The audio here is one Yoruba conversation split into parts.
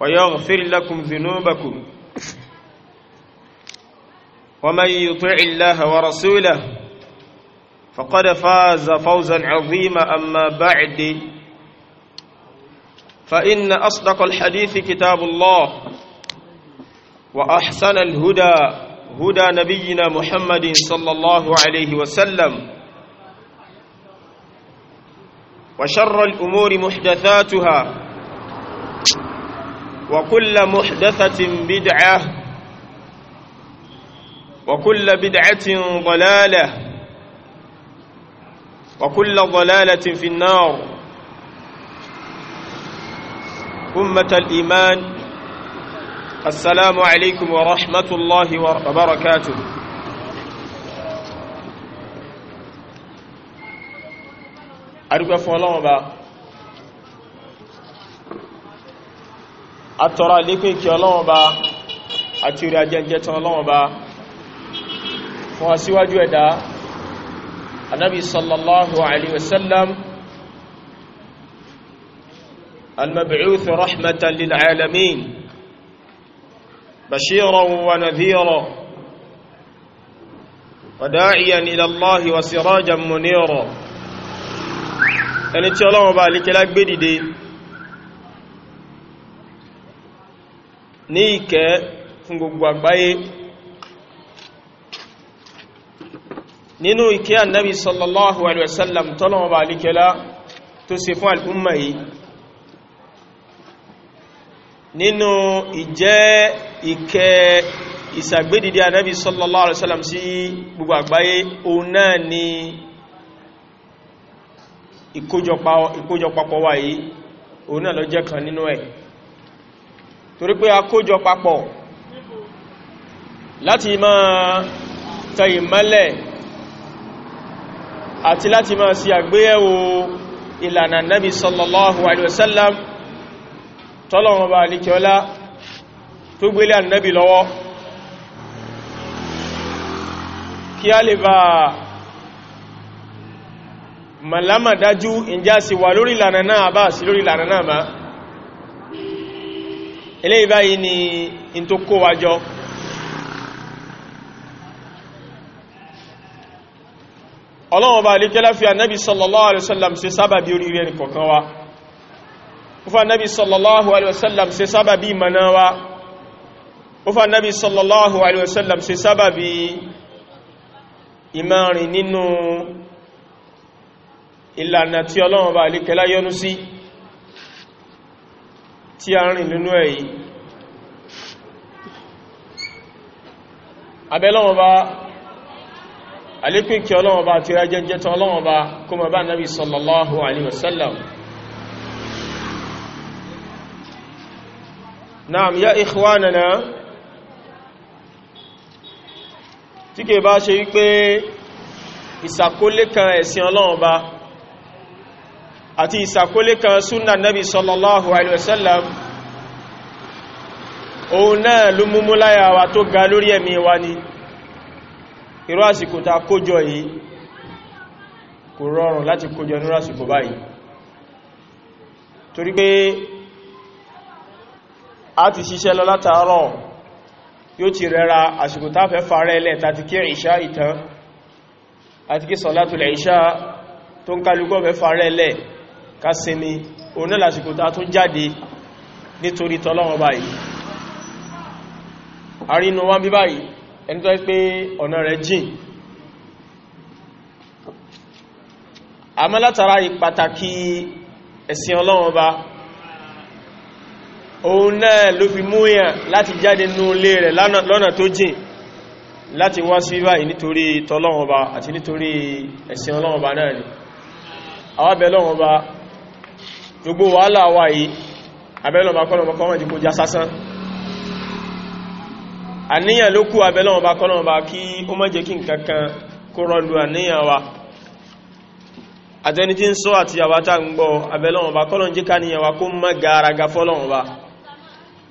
ويغفر لكم ذنوبكم ومن يطع الله ورسوله فقد فاز فوزا عظيما أما بعد فإن أصدق الحديث كتاب الله وأحسن الهدى هدى نبينا محمد صلى الله عليه وسلم وشر الأمور محدثاتها وكل محدثة بدعة وكل بدعة ضلالة وكل ضلالة في النار أمة الإيمان السلام عليكم ورحمة الله وبركاته أرجو بقى àtọ̀rọ̀ àlékún ìkẹ́ Ọlọ́run bá àti orí ajẹ́jẹ́ tán Ọlọ́run bá fún aṣíwájú ẹ̀dá anábi sallallahu alaihi wasallam al-mab'uth rahmatan lil alamin bashiran wa nadhiran wa da'iyan ila Allahi wa sirajan munira ẹni tí Ọlọ́run bá alékẹ́lá gbé dìde ní ìkẹ́ fún gbogbo àgbáyé nínú ìkẹ́ annabi sallallahu alaihi wasallam tọ́lọ̀wọ̀ bá alikẹ́lá tó ṣe fún al'umma yìí nínú ìjẹ́ ìkẹ́ ìsàgbédìdí annabi sallallahu alaihi wasallam sí gbogbo àgbáyé òun náà ni ìkójọpapọ̀ wáyé òun náà ló jẹ́ kan nínú ẹ̀ torí pé a kójọ papọ̀ láti máa tẹ ìmọ́lẹ̀ àti láti máa sí àgbéyẹ̀wò ìlànà nabi sallallahu alaihi wasallam tọ́lọ̀wọ̀n bá alikiola tó gbélé annabi lọ́wọ́ kí a lè bá malama dájú ìjá sí wà lórí ìlànà náà bá sí lórí ìlànà náà máa eléyìí báyìí ni in tó kó wájọ́ ọlọ́wọ́ bá lè kẹ́lá fi ànábì sallallahu alaihi wasallam ṣe sábàbí oríire ní kọ̀kan wa ufa ànábì sallallahu alaihi wasallam ṣe sábàbí ìmọ̀nà wa ufa ànábì sallallahu alaihi wasallam ṣe sábàbí ìmọ̀rin nínú ìlànà tí ọlọ́wọ́ bá lè kẹ́lá yọ́nú sí tí a rìn nínú èyí abẹ́lọ́wọ́n bá alékún kí ọlọ́wọ́n bá ti rá jẹ́jẹ́ tán ọlọ́wọ́n bá kó mọ̀ bá nábi sallallahu alaihi wasallam naam ya ikhwanana tí kè bá ṣe wípé ìsàkólé kan ẹ̀sìn ọlọ́wọ́n àti ìsàkólé kan súnà nabi sallallahu alaihi wasallam òun náà ló múmú láyà wa tó ga lórí ẹ̀mí wa ni irú àsìkò ta kójọ yìí kò rọrùn láti kójọ nírú àsìkò báyìí torí pé a ti ṣiṣẹ́ lọ látàárọ̀ yóò ti rẹra àsìkò tá fẹ́ farẹ́ ilẹ̀ àti kí sọ̀látùlẹ̀ ìṣá tó ń kálukọ́ fẹ́ farẹ́ ilẹ̀ kásẹmi oní lásìkò tá tún jáde nítorí tọ́lọ́wọ́ báyìí àrínú wá bí báyìí ẹni tó pé ọ̀nà rẹ̀ jìn àmọ́ látara ìpàtàkì ẹ̀sìn ọlọ́wọ́ bá òun náà ló fi múyàn láti jáde nú ilé rẹ̀ lọ́nà tó jìn láti wá sí báyìí nítorí tọ́lọ́wọ́ bá àti nítorí ẹ̀sìn ọlọ́wọ́ bá náà ni àwọn bá gbogbo wàhálà wà yìí abẹ́lọ́mà kọ́lọ̀mà kọ́mọ̀ jí kó já sásán àníyàn ló kú abẹ́lọ́mà kọ́lọ̀mà kí ó má jẹ́ kí nkankan kó rọlù àníyàn wa àtẹni tí ń sọ àti àwátà ń gbọ́ abẹ́lọ́mà kọ́lọ̀ jí káníyàn wa kó má gàràgà fọ́lọ́mà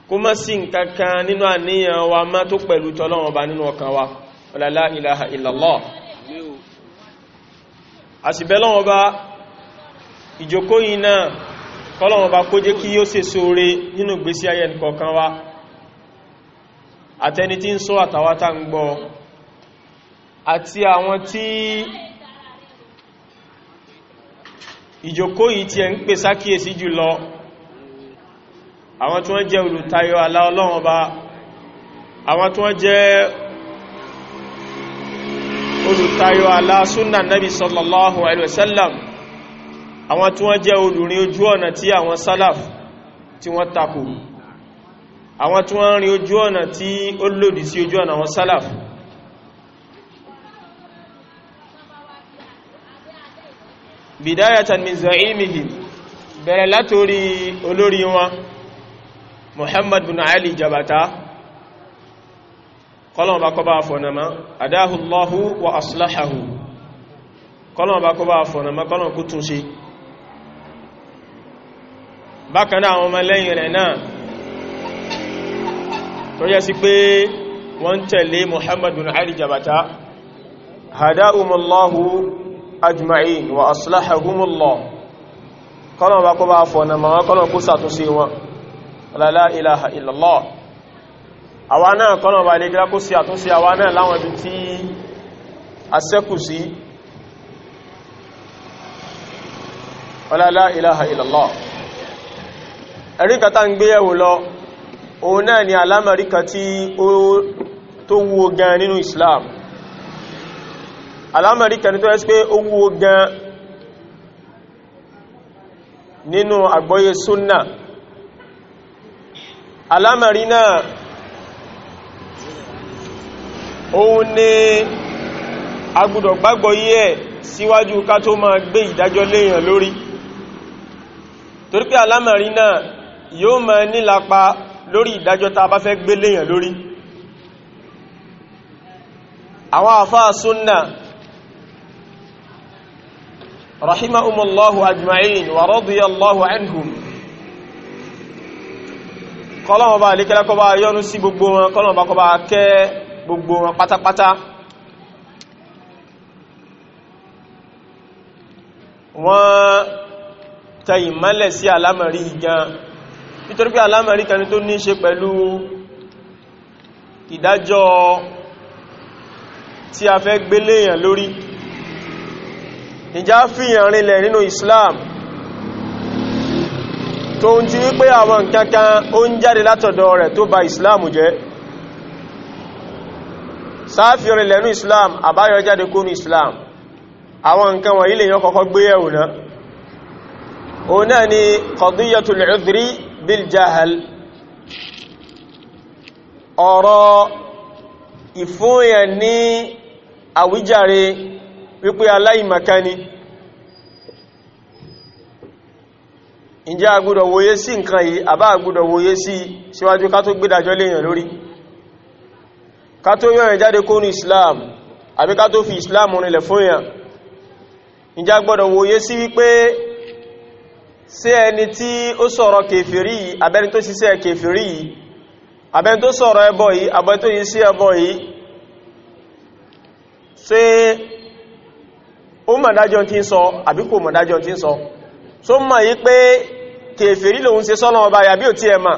kó má sí nkankan nínú àníyàn wa má tó pẹ̀lú yìí náà kọ́lọ̀wọ̀n bá kó jẹ́ kí ó ṣe sóre nínú gbésí ayé nìkọ̀ọ̀kan wa àtẹni tí ń sọ àtàwátà ń gbọ́ àti àwọn tí ìjókòó yìí tí ẹ ń pè sákíyèsí jùlọ àwọn tí wọ́n jẹ́ olùtayọ àlà Ọlọ́run Ọba àwọn tí wọ́n jẹ́ olùtayọ àlà súnà Nábì sallallahu alaihi wasallam àwọn tí wọ́n jẹ́ olùrin ojú ọ̀nà tí àwọn salaf tí wọ́n takò àwọn tí wọ́n rin ojú ọ̀nà tí ó lòdì sí ojú ọ̀nà àwọn salaf bidayatan min za'imihim bẹ̀rẹ̀ látorí olórí wọn Muhammad bin Ali Jabata kọlọ̀ bá kọba fọ̀nàmá adáhùlọ́hù wa asláhàhù kọlọ̀ bá kọba fọ̀nàmá kọlọ̀ kú túnṣe bákaná àwọn ọmọ lẹ́yìn rẹ̀ náà tó yẹ sí pé wọ́n tẹ̀lé muhammadu ali jabata hadahumullahu ajma'in wa aslahahumullah kọ́nà bá kó bá fọ́nà ma wọ́n kọ́nà kó sàtúnṣe wọn la ilaha illallah àwa náà kọ́nà bá lè gíra kó sí àwa náà láwọn ibi tí a sẹ́kù sí la ilaha illallah ẹ̀rí kan tá ń gbé ẹ̀wò lọ òun náà ni alámẹ̀rí kan tí ó tó wúwo gan nínú Islam alámẹ̀rí kan tó ẹ́sí pé ó wúwo gan nínú àgbọ́yé súnnà alámẹ̀rí náà òun ni agbùdọ̀ gbàgbọ́ yí ẹ̀ síwájú ká tó máa gbé ìdájọ́ léèyàn lórí torípé alámẹ̀rí náà yóò mọ̀ nílapa lórí ìdájọ́ tá bá fẹ́ gbé léyàn lórí àwọn àfáà súnnà rahimahumullahu ajma'in wa radiyallahu anhum kọlọ́wọ́ bá alékẹ́lẹ́ kọ́ bá yọ́nú sí gbogbo wọn kọlọ́wọ́ bá kọ́ bá kẹ́ gbogbo wọn pátápátá wọ́n tẹ̀yìn mọ́lẹ̀ sí alámọ̀rí gan nítorí pé alámẹ̀rí kan tó ní ṣe pẹ̀lú ìdájọ́ tí a fẹ́ gbélé èèyàn lórí ìjá fìyàn rinlẹ̀ nínú Islam tó ń ti wípé àwọn nǹkankan ó ń jáde látọ̀dọ̀ rẹ̀ tó ba Islam jẹ́ sáàfihàn rinlẹ̀ nínú Islam àbáyọ jáde kó ní Islam àwọn nǹkan wọ̀nyí lèyàn kọ́kọ́ gbé ẹ̀wùn náà ni qadiyatul biljahl ọ̀rọ̀ ìfúnyẹ̀ ní àwíjàre wípé aláìmọ̀kání ǹjẹ́ agbúdọ̀ wòye sí nǹkan yìí àbá agbúdọ̀ wòye sí síwájú ká tó gbídàjọ́ léèyàn lórí ká tó jáde kó ní islam àbí ká tó fi islam nílẹ̀ fún èèyàn ǹjẹ́ agbọ́dọ̀ wòye sí wípé sí ẹni tí ó sọ̀rọ̀ kèfèrí yìí abẹ́ni tó ṣiṣẹ́ kèfèrí yìí abẹ́ni tó sọ̀rọ̀ ẹbọ yìí abẹ́ni tó yìí sí ẹbọ yìí ṣé ó mọ̀dájọ́ tí ń sọ àbí kò mọ̀dájọ́ tí ń sọ tó mọ̀ yí pé kèfèrí lòun ṣe sọ́nà ọba yàbí ò tí ẹ mà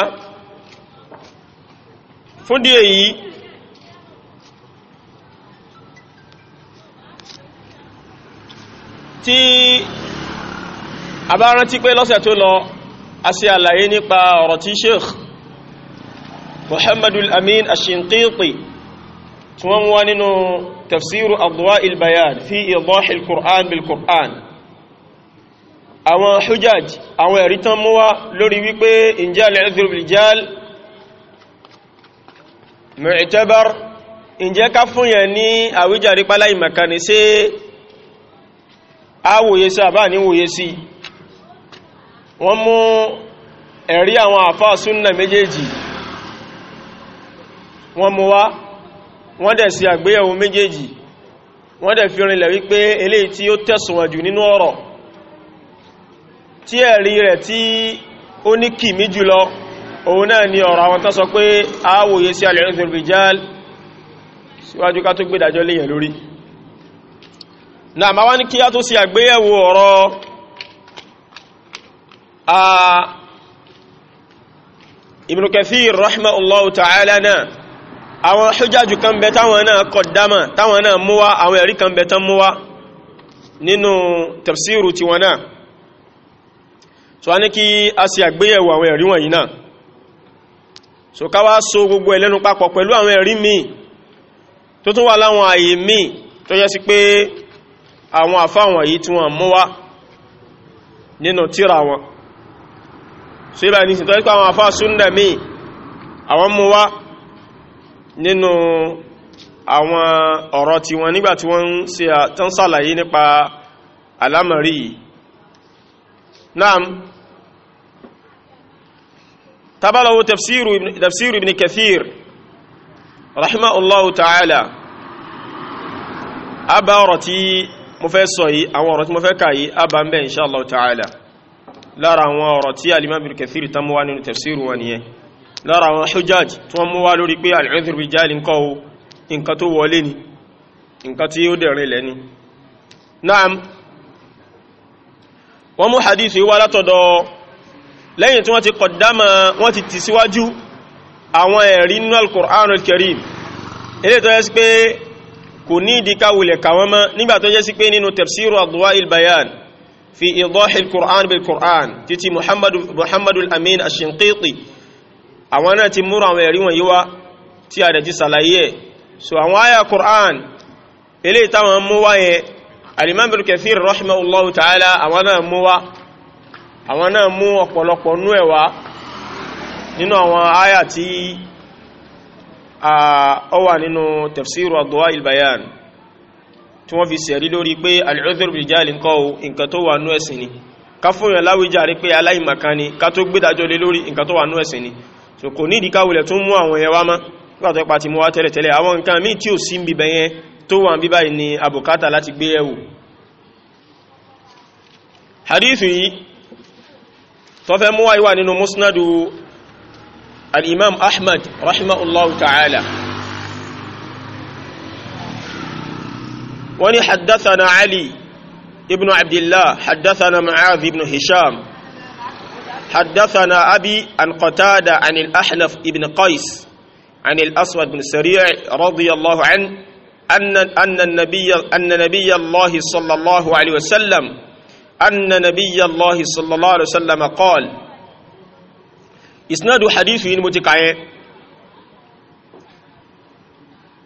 sán fún díẹ̀ yìí tí a bá rántí pé lọ́sẹ̀ tó lọ a ṣe àlàyé nípa ọ̀rọ̀ tí sheikh muhammadul amin ashinqiti tí wọ́n wá nínú tafsiru adwa'il bayan fi idahil qur'an bil qur'an àwọn hujjaj àwọn ẹ̀rí tán lórí wípé injal ẹ̀dùrù bil jal mu'tabar ǹjẹ́ ká fún yẹn ní àwíjàrí pálá ìmọ̀kànnì sí àwòye sí àbá níwòye sí wọ́n mú ẹ̀rí àwọn àfáà súnnà méjèèjì wọ́n mú wá wọ́n dẹ̀ sí àgbéyẹ̀wò méjèèjì wọ́n dẹ̀ fi rinlẹ̀ wípé eléyìí tí ó tẹ̀sùnwọ̀n nínú ọ̀rọ̀ tí ẹ̀rí rẹ̀ tí ó ní kìmí jùlọ òun náà ni ọ̀rọ̀ àwọn tó sọ pé àwòye sí al-udhur rijal síwájú ká tó gbédàjọ́ léyàn lórí náà ma wá ní kí á tó sí àgbéyẹ̀wò ọ̀rọ̀ a Ibn Kathir rahimahullahu ta'ala náà àwọn hujjaju kan bẹ táwọn náà kọ̀dámà táwọn náà múwá àwọn ẹ̀rí kan bẹ tán múwá a ní kí a sí náà so ká wá so gbogbo ẹlẹ́nu papọ̀ pẹ̀lú àwọn ẹ̀rí míì tó tún wà láwọn àyè míì tó yẹ sí pé àwọn àfáwọn yìí tí wọ́n mú wá nínú tíra wọn so ibà ní ìsìntọ́ ipá àwọn àfá súnnà míì àwọn mú wá nínú àwọn ọ̀rọ̀ tí wọ́n nígbà tí wọ́n ń nípa alámọ̀rí yìí tabalawo tafsiru tafsiru ibn kathir rahimahullahu ta'ala a bá ọ̀rọ̀ tí mo fẹ́ sọ yìí àwọn ọ̀rọ̀ tí mo fẹ́ kà yìí a bá ń bẹ inshallah ta'ala lára àwọn ọ̀rọ̀ tí alimam ibn kathir ta mú wá nínú tafsiru wọn nìyẹn lára àwọn hujjaj tí wọ́n mú wá lórí pé al'udhru bi jali nǹkan o nǹkan tó wọlé ni nǹkan tí ó dẹ̀rin lẹ́ni naam wọ́n mú hadithu wá látọ̀dọ̀ lẹ́yìn tí wọ́n ti kọ̀dámà wọ́n ti ti síwájú àwọn ẹ̀rí nínú al-Qur'an al-Karim ilé tó yẹ sí pé kò ní ìdíká wulẹ̀ kàwọn mọ́ nígbà tó yẹ sí pé nínú tafsiru adwa'il bayan fi idahi al-Qur'an bil-Qur'an títí muhammadu muhammadu al-amin ash-Shinqiti àwọn àwọn náà mú ọ̀pọ̀lọpọ̀ nú ẹ̀wà nínú àwọn àyà tí ó wà nínú tafsiru Adwa il-Bayan tí wọ́n fi sẹ̀rí lórí pé al-udhru bil nǹkan tó wà nú ẹ̀sìn ni ká fún yàn láwíjàre pé aláìmọ̀kan ni ká tó gbédájọ́ lé lórí nǹkan tó wà nú ẹ̀sìn ni so kò ní ìdíkàwulẹ̀ tún mú àwọn yẹn wá mọ́ nígbàtọ́ ipa ti mú wá tẹ́lẹ̀tẹ́lẹ̀ àwọn nǹkan míì tí ò sí ń bíbẹ̀ yẹn tó wà ń bíbáyìí ni àbùkátà láti gbé ẹ̀wò hadithu yìí tọ́fẹ́ mú wáyíwá nínú musnadu al'imam ahmad rahimahullahu ta'ala wani haddasa na ali ibn abdullah haddasa na ma'az ibn hisham haddasa na abi an qatada an al'ahnaf ibn qais عن الأسود بن سريع رضي الله عنه أن, أن, النبي, أن نبي الله صلى الله عليه وسلم أن نبي الله صلى الله عليه وسلم قال إسناد حديثه المتقعي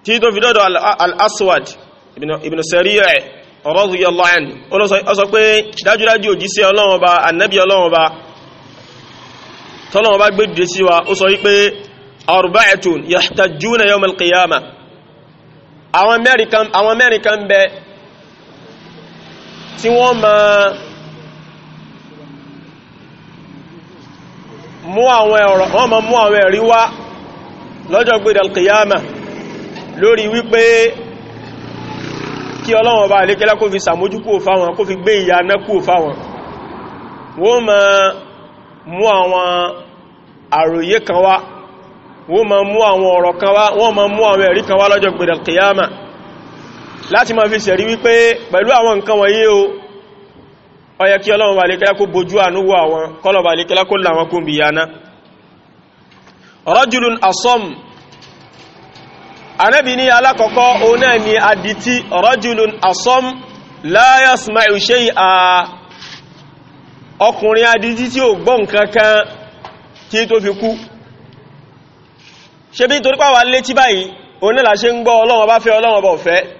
تيدو في دودو الأسود ابن, ابن سريع رضي الله عنه ọlọ́sọ pé dájúdájú òjíṣẹ́ Ọlọ́run Ọba annabi Ọlọ́run Ọba tọ́lọ́run Ọba gbé dìde sí wa ó sọ wípé arba'atun yahtajjuna yawm al-qiyamah àwọn mẹ́rin kan bẹ tí wọ́n ma mú àwọn ọ̀rọ̀ wọ́n ma mú àwọn ẹ̀rí wá lọ́jọ́ gbé dalkiyama lórí wípé kí Ọlọ́run bá alékẹ́lá kó fi sàmójú kó fáwọn kó fi gbé ìyà náà kó fáwọn wọ́n ma mú àwọn àròyé kan wá wọ́n ma mú àwọn ọ̀rọ̀ kan wá wọ́n ma mú àwọn ẹ̀rí kan wá lọ́jọ́ gbé dalkiyama láti máa fi sẹ̀rí wípé pẹ̀lú àwọn nǹkan wọ̀nyí o ó yẹ kí ọlọ́run bá lè kẹ́lá kó bojú ànúwò àwọn kọ́lọ̀ bá lè kẹ́lá kó làwọn kó bìí yaná rajulun asọ́m anẹ́bì ní alákọ̀ọ́kọ́ òun náà ni adití rajulun asọ́m la yasma'u shay'a ọkùnrin adití tí la ṣe ń gbọ́ ọlọ́run bá fẹ́ ọlọ́run bá fẹ́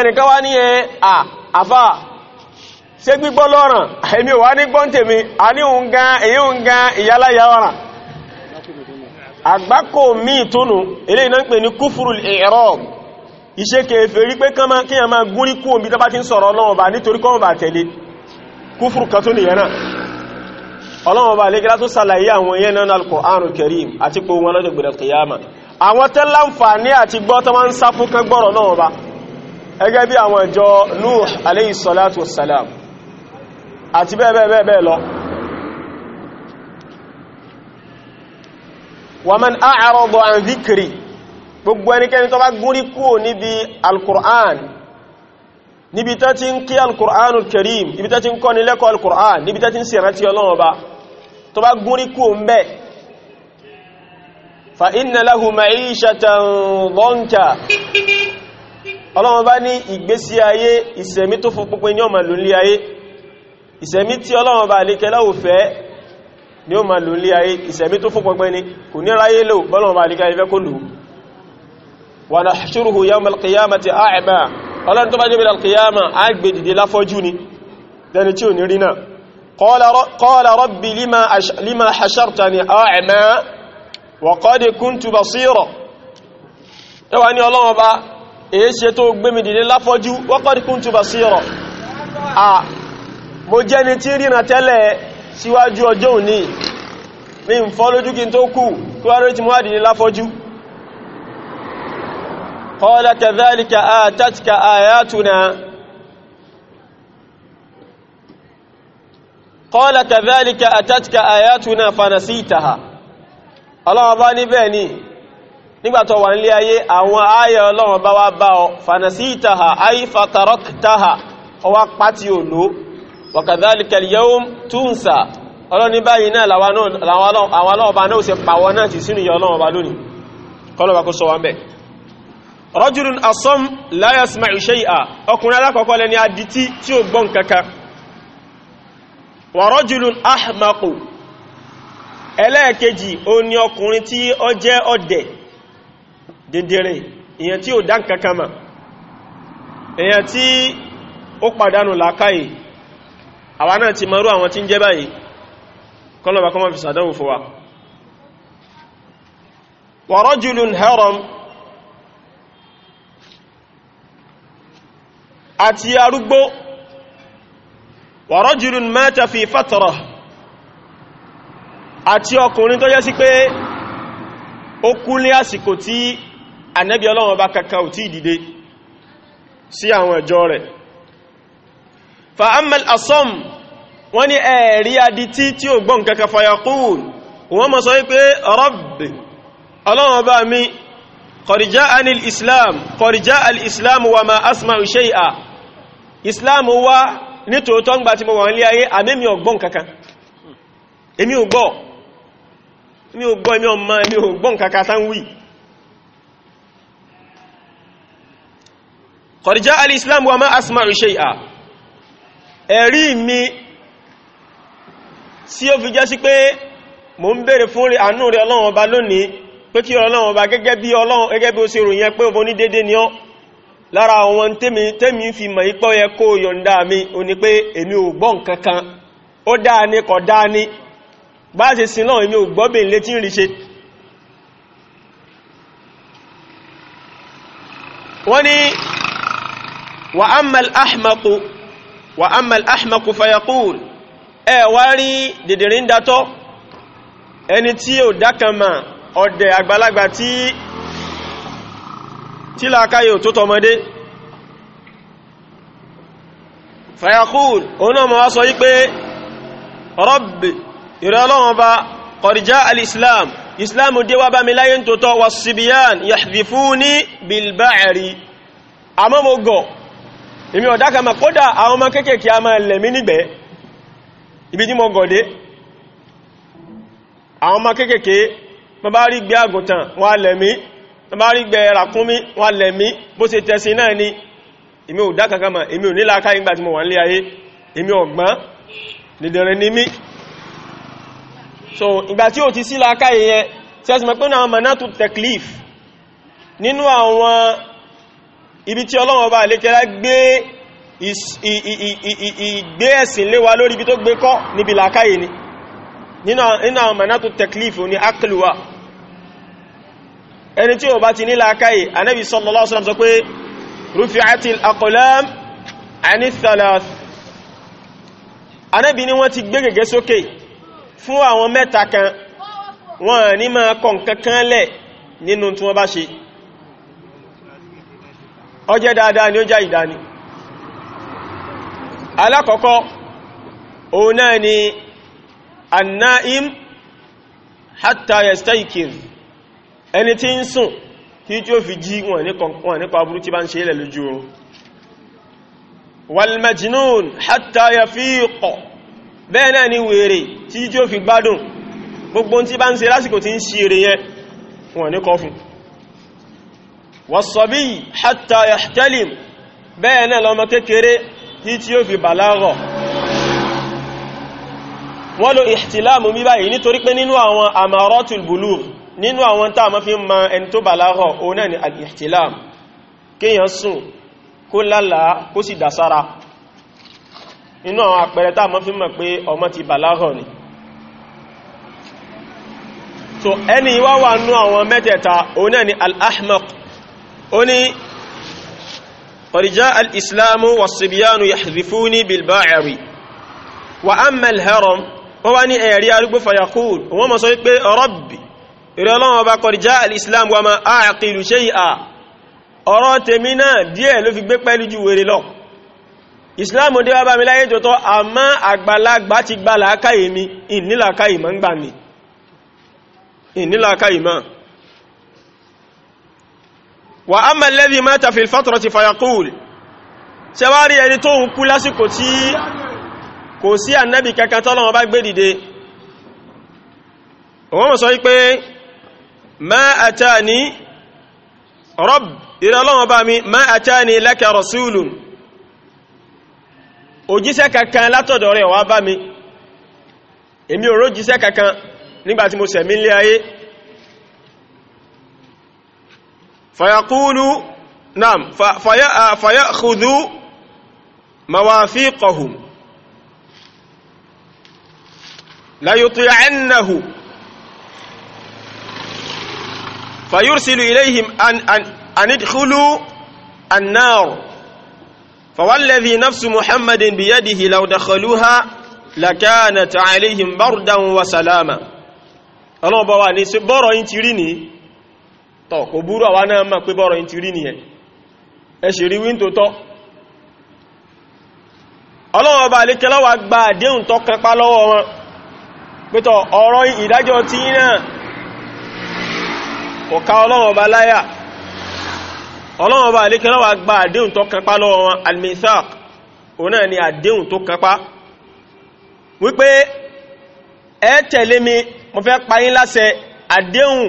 ẹnìkan wá ní ẹ àfà ṣe gbígbọ́ lọ́ràn èmi ò wá ní gbọ́ntèmi a ní òun gan èyí òun gan ìyáláyà ọ̀ràn àgbákò mí ìtúnù ilé iná ń pè ní kúfùrù ìrọ̀ iṣẹ́ kèfè rí pé kánmá kí a máa gúrí kú omi tó bá ti ń sọ̀rọ̀ ọlọ́wọ̀n bá nítorí kọ́wọ́n bá tẹ̀lé kúfùrù kan tó nìyẹn náà ọlọ́wọ̀n bá lè gílá tó sàlàyé àwọn yẹn náà Al-Qur'anul Karim àti pé wọn lọ́jọ́ gbẹ̀rẹ̀ kìyàmà àwọn tẹ́láǹfà ní àti gbọ́ tó máa ń sá fún kẹgbọ́rọ̀ náà ẹgẹ́ bí àwọn ìjọ Nuh alayhi salatu wassalam àti bẹ́ẹ̀bẹ́ẹ̀bẹ́ẹ̀ lọ wa man a'rada an dhikri gbogbo ẹnikẹ́ni tó bá gúnrí kúrò níbi al-Qur'an níbi tó ti ń kí al-Qur'anul níbi tó ti ń kọ́ ní lẹ́kọ́ al níbi tó ti ń sèrántí Ọlọ́run tó bá gúnrí kúrò ń bẹ́ẹ̀ fa inna lahu ma'ishatan dhanka ọlọ́run bá ní ìgbésí ayé ìsẹ̀mí tó fún pínpín ní ọmọ lónlé ayé ìsẹ̀mí tí ọlọ́run bá lékẹ́ láwòfẹ́ ní ọmọ lónlé ayé ìsẹ̀mí tó fún pínpín ní kò ní ráyé lò bọ́lọ́run bá lékẹ́ ayé fẹ́ kó lò wa nahshuruhu yawmal qiyamati a'ma ọlọ́run tó bá jẹ́ bílal qiyama á gbé dìde láfọ́jú ẹwà ní ọlọ́run bá èé ṣe tó gbémi dìde láfọ́jú waqad kuntu basira à mo jẹ́ ni tí ríran tẹ́lẹ̀ síwájú ọjọ́ òní mi ń fọ́ lójú kí n tó kú kí wá rí ti mú wá dìde láfọ́jú qala kadhalika atatka ayatuna qala kadhalika atatka ayatuna fanasitaha Allah bá ní bẹ́ẹ̀ ni nígbàtọ̀ wà nílé ayé àwọn ayẹ ọlọ́run bá wá bá ọ fanasitaha ay fataroktaha ọwá pàtí òlò wa kadhalika al-yawm tunsa ọlọ́ni báyìí náà àwọn ọlọ́ọ̀bá náà ṣe pàwọ́ náà ti sínú ọlọ́ọ̀bá lónìí kọlọ̀bá kó sọ wá mẹ́ rajulun asam la yasma'u shay'a ọkùnrin alákọ̀ọ́kọ́ lẹ́ni adití tí ó gbọ́n kankan wa rajulun ahmaqu dìndìnrìn èyàn tí ò dá kankan mà èyàn tí ó pàdánù làákàyè àwa náà ti mọ̀rú àwọn tí ń jẹ́ báyìí kọlọ̀bà kọmọ̀ fi sàdánwò fún wa wa rajulun haram àti arúgbó wa rajulun mata fi fatra àti ọkùnrin tó yẹ sí pé ó kú ní àsìkò tí ànábì ọlọ́wọ́n bá kankan ò tí ìdìde sí àwọn ẹjọ́ rẹ̀ fa amal asom wọ́n ní ẹ̀ẹ̀rí adití tí ó gbọ́n kankan fayakun wọ́n mọ́ sọ wípé rabbi ọlọ́wọ́n bá mi kọ̀rìjá anil islam kọ̀rìjá al islam wa ma asma shay'a islam wa nítòótọ́ ń gbà tí mo wà nílé ayé àmẹ́mi ọgbọ́n ò gbọ́ èmi ò gbọ́ èmi ò gbọ́n kankan sáwìí qad jaa al-islam wa ma asma'u ẹ̀rí mi tí ó fi jẹ́ sí pé mo ń bèèrè fún rí àánú rí ọlọ́run ọba lónìí pé kí ọlọ́run ọba gẹ́gẹ́ bí ọlọ́run gẹ́gẹ́ bí ó ṣe ròyìn pé òbó ní dédé ni ọ́ lára àwọn tèmi tèmi fi mọ̀ ipọ́ yẹ kó yọ̀ǹda mi o ní pé èmi ò gbọ́ nǹkan kan ó dáa ní kọ̀ dáa ní bá ṣe sin náà èmi ò gbọ́ bèèrè létí ń rí ṣe wọ́n ní وأما الأحمق وأما الأحمق فيقول ẹ wá rí dìdìrín dátọ́ ẹni tí ò dákàmà ọ̀dẹ̀ àgbàlagbà tí tí làákàyè ò tó tọmọdé fayakul òun náà ma wá sọ wípé Rabbi ìrọlọ́wọ́n bá qad jaa al-islam islam dé wá bá mi láyé ń tó tọ́ was-sibyan yahdhifuni bil-ba'ri àmọ́ mo gọ̀ èmi ọ̀dá kama kódà àwọn ọmọ kéèkèé a máa lẹ̀mí nígbẹ̀ ibi tí mo gọ̀dé àwọn ọmọ kéèkèé wọ́n bá rí gbé àgùntàn wọ́n lẹ̀mí wọ́n bá rí gbé ràkúnmí wọ́n lẹ̀mí bó ṣe tẹ́sí náà ni èmi ò dákan kama èmi ò ní láká ìgbà tí mo wà nílé ayé èmi ọ̀gbọ́n dìdìrín so ìgbà tí ò ti sí láká ìyẹn tí a sì ibi tí ọlọ́wọ́n bá lékẹ́lá gbé ìgbé ẹ̀sìn léwa lórí ibi tó gbé kọ́ níbi làkáyè ni nínú àwọn manatu teklif ní akluwa ẹni tí ó bá ti ní làkáyè anábi sallallahu sọ pé rufi'atil aqlam ani thalath anábi ni wọ́n ti gbé gègé sókè fún àwọn mẹ́ta kan wọ́n tí wọ́n bá ṣe ọjẹ́ dáadáa ni ó já ìdáni alákọ̀ọ́kọ́ òun náà ni annaim hatta yastaykir ẹni tí ń sùn tí tí ó fi jí wọn nípa burú tí bá ń ṣe ilẹ̀ lójú oorun walmajnun hatta yafiq bẹ́ẹ̀ náà ni wèrè tí tí ó fi gbádùn gbogbo tí bá ń ṣe lásìkò tí ń ṣe eré yẹn wọn ní kọ́ wọ́sọ̀bí hatta yahtalim bẹ́ẹ̀ náà lọ́mọ kékeré títí ó fi bàlágọ̀ wọ́n lo ihtilamu mi báyìí nítorí pé nínú àwọn amaratul bulugh nínú àwọn tá ma fi ń ma ẹni tó bàlágọ̀ o náà ni al-ihtilam ó ní ọ̀rìjá al'islamu wasibiyanu yahdhifuni bilba'ari wa ammal haram ó wá ní ẹ̀rí arúgbó fayakul wọ́n mọ̀ sọ pé rabbi ìrẹ́ ọlọ́wọ́ bá kọ̀rìjá al'islamu wa ma a'qilu shay'a ọ̀rọ̀ tèmi náà díẹ̀ ló fi gbé pẹ́lú ju wèrè lọ ìsìláàmù dé wá bá mi láyé jọtọ́ àmọ́ àgbàlagbà ti gbà làákàyè mi ìnílàákàyè mọ́ ń gbà mi ìnílàákàyè mọ́ wà á mẹ́ lẹ́bí mẹ́ta fi fàtọ̀rọ̀ ti fàyàkúl ṣe wá rí ẹni tó ń kú lásìkò tí kò sí ànẹ́bì kankan tọ́lọ́wọ́ bá gbé dìde wọ́n mọ̀ sọ wípé ma atani Rabb ìrọlọ́wọ́ bá mi ma atani laka rasulun òjíṣẹ́ kankan látọ̀dọ̀ rẹ̀ wá bá mi èmi ò rójíṣẹ́ kankan nígbàtí mo sẹ̀mí lé ayé فيقول نعم فيأخذ مواثيقهم ليطيعنه فيرسل إليهم أن, أن, أن ادخلوا النار فوالذي نفس محمد بيده لو دخلوها لكانت عليهم بردا وسلاما الله بواني سبورو انتريني tọ̀ kò búrú àwa náà mọ̀ pé bọ́rọ̀ yìí ti rí nìyẹn ẹ ṣe rí wíńtò tọ́ ọlọ́wọ́ ọba àlékẹ́lọ́wà gba àdéhùn tọ́ kápá lọ́wọ́ wọn pẹ́tọ̀ ọ̀rọ̀ ìdájọ́ tí náà kò ká ọlọ́wọ́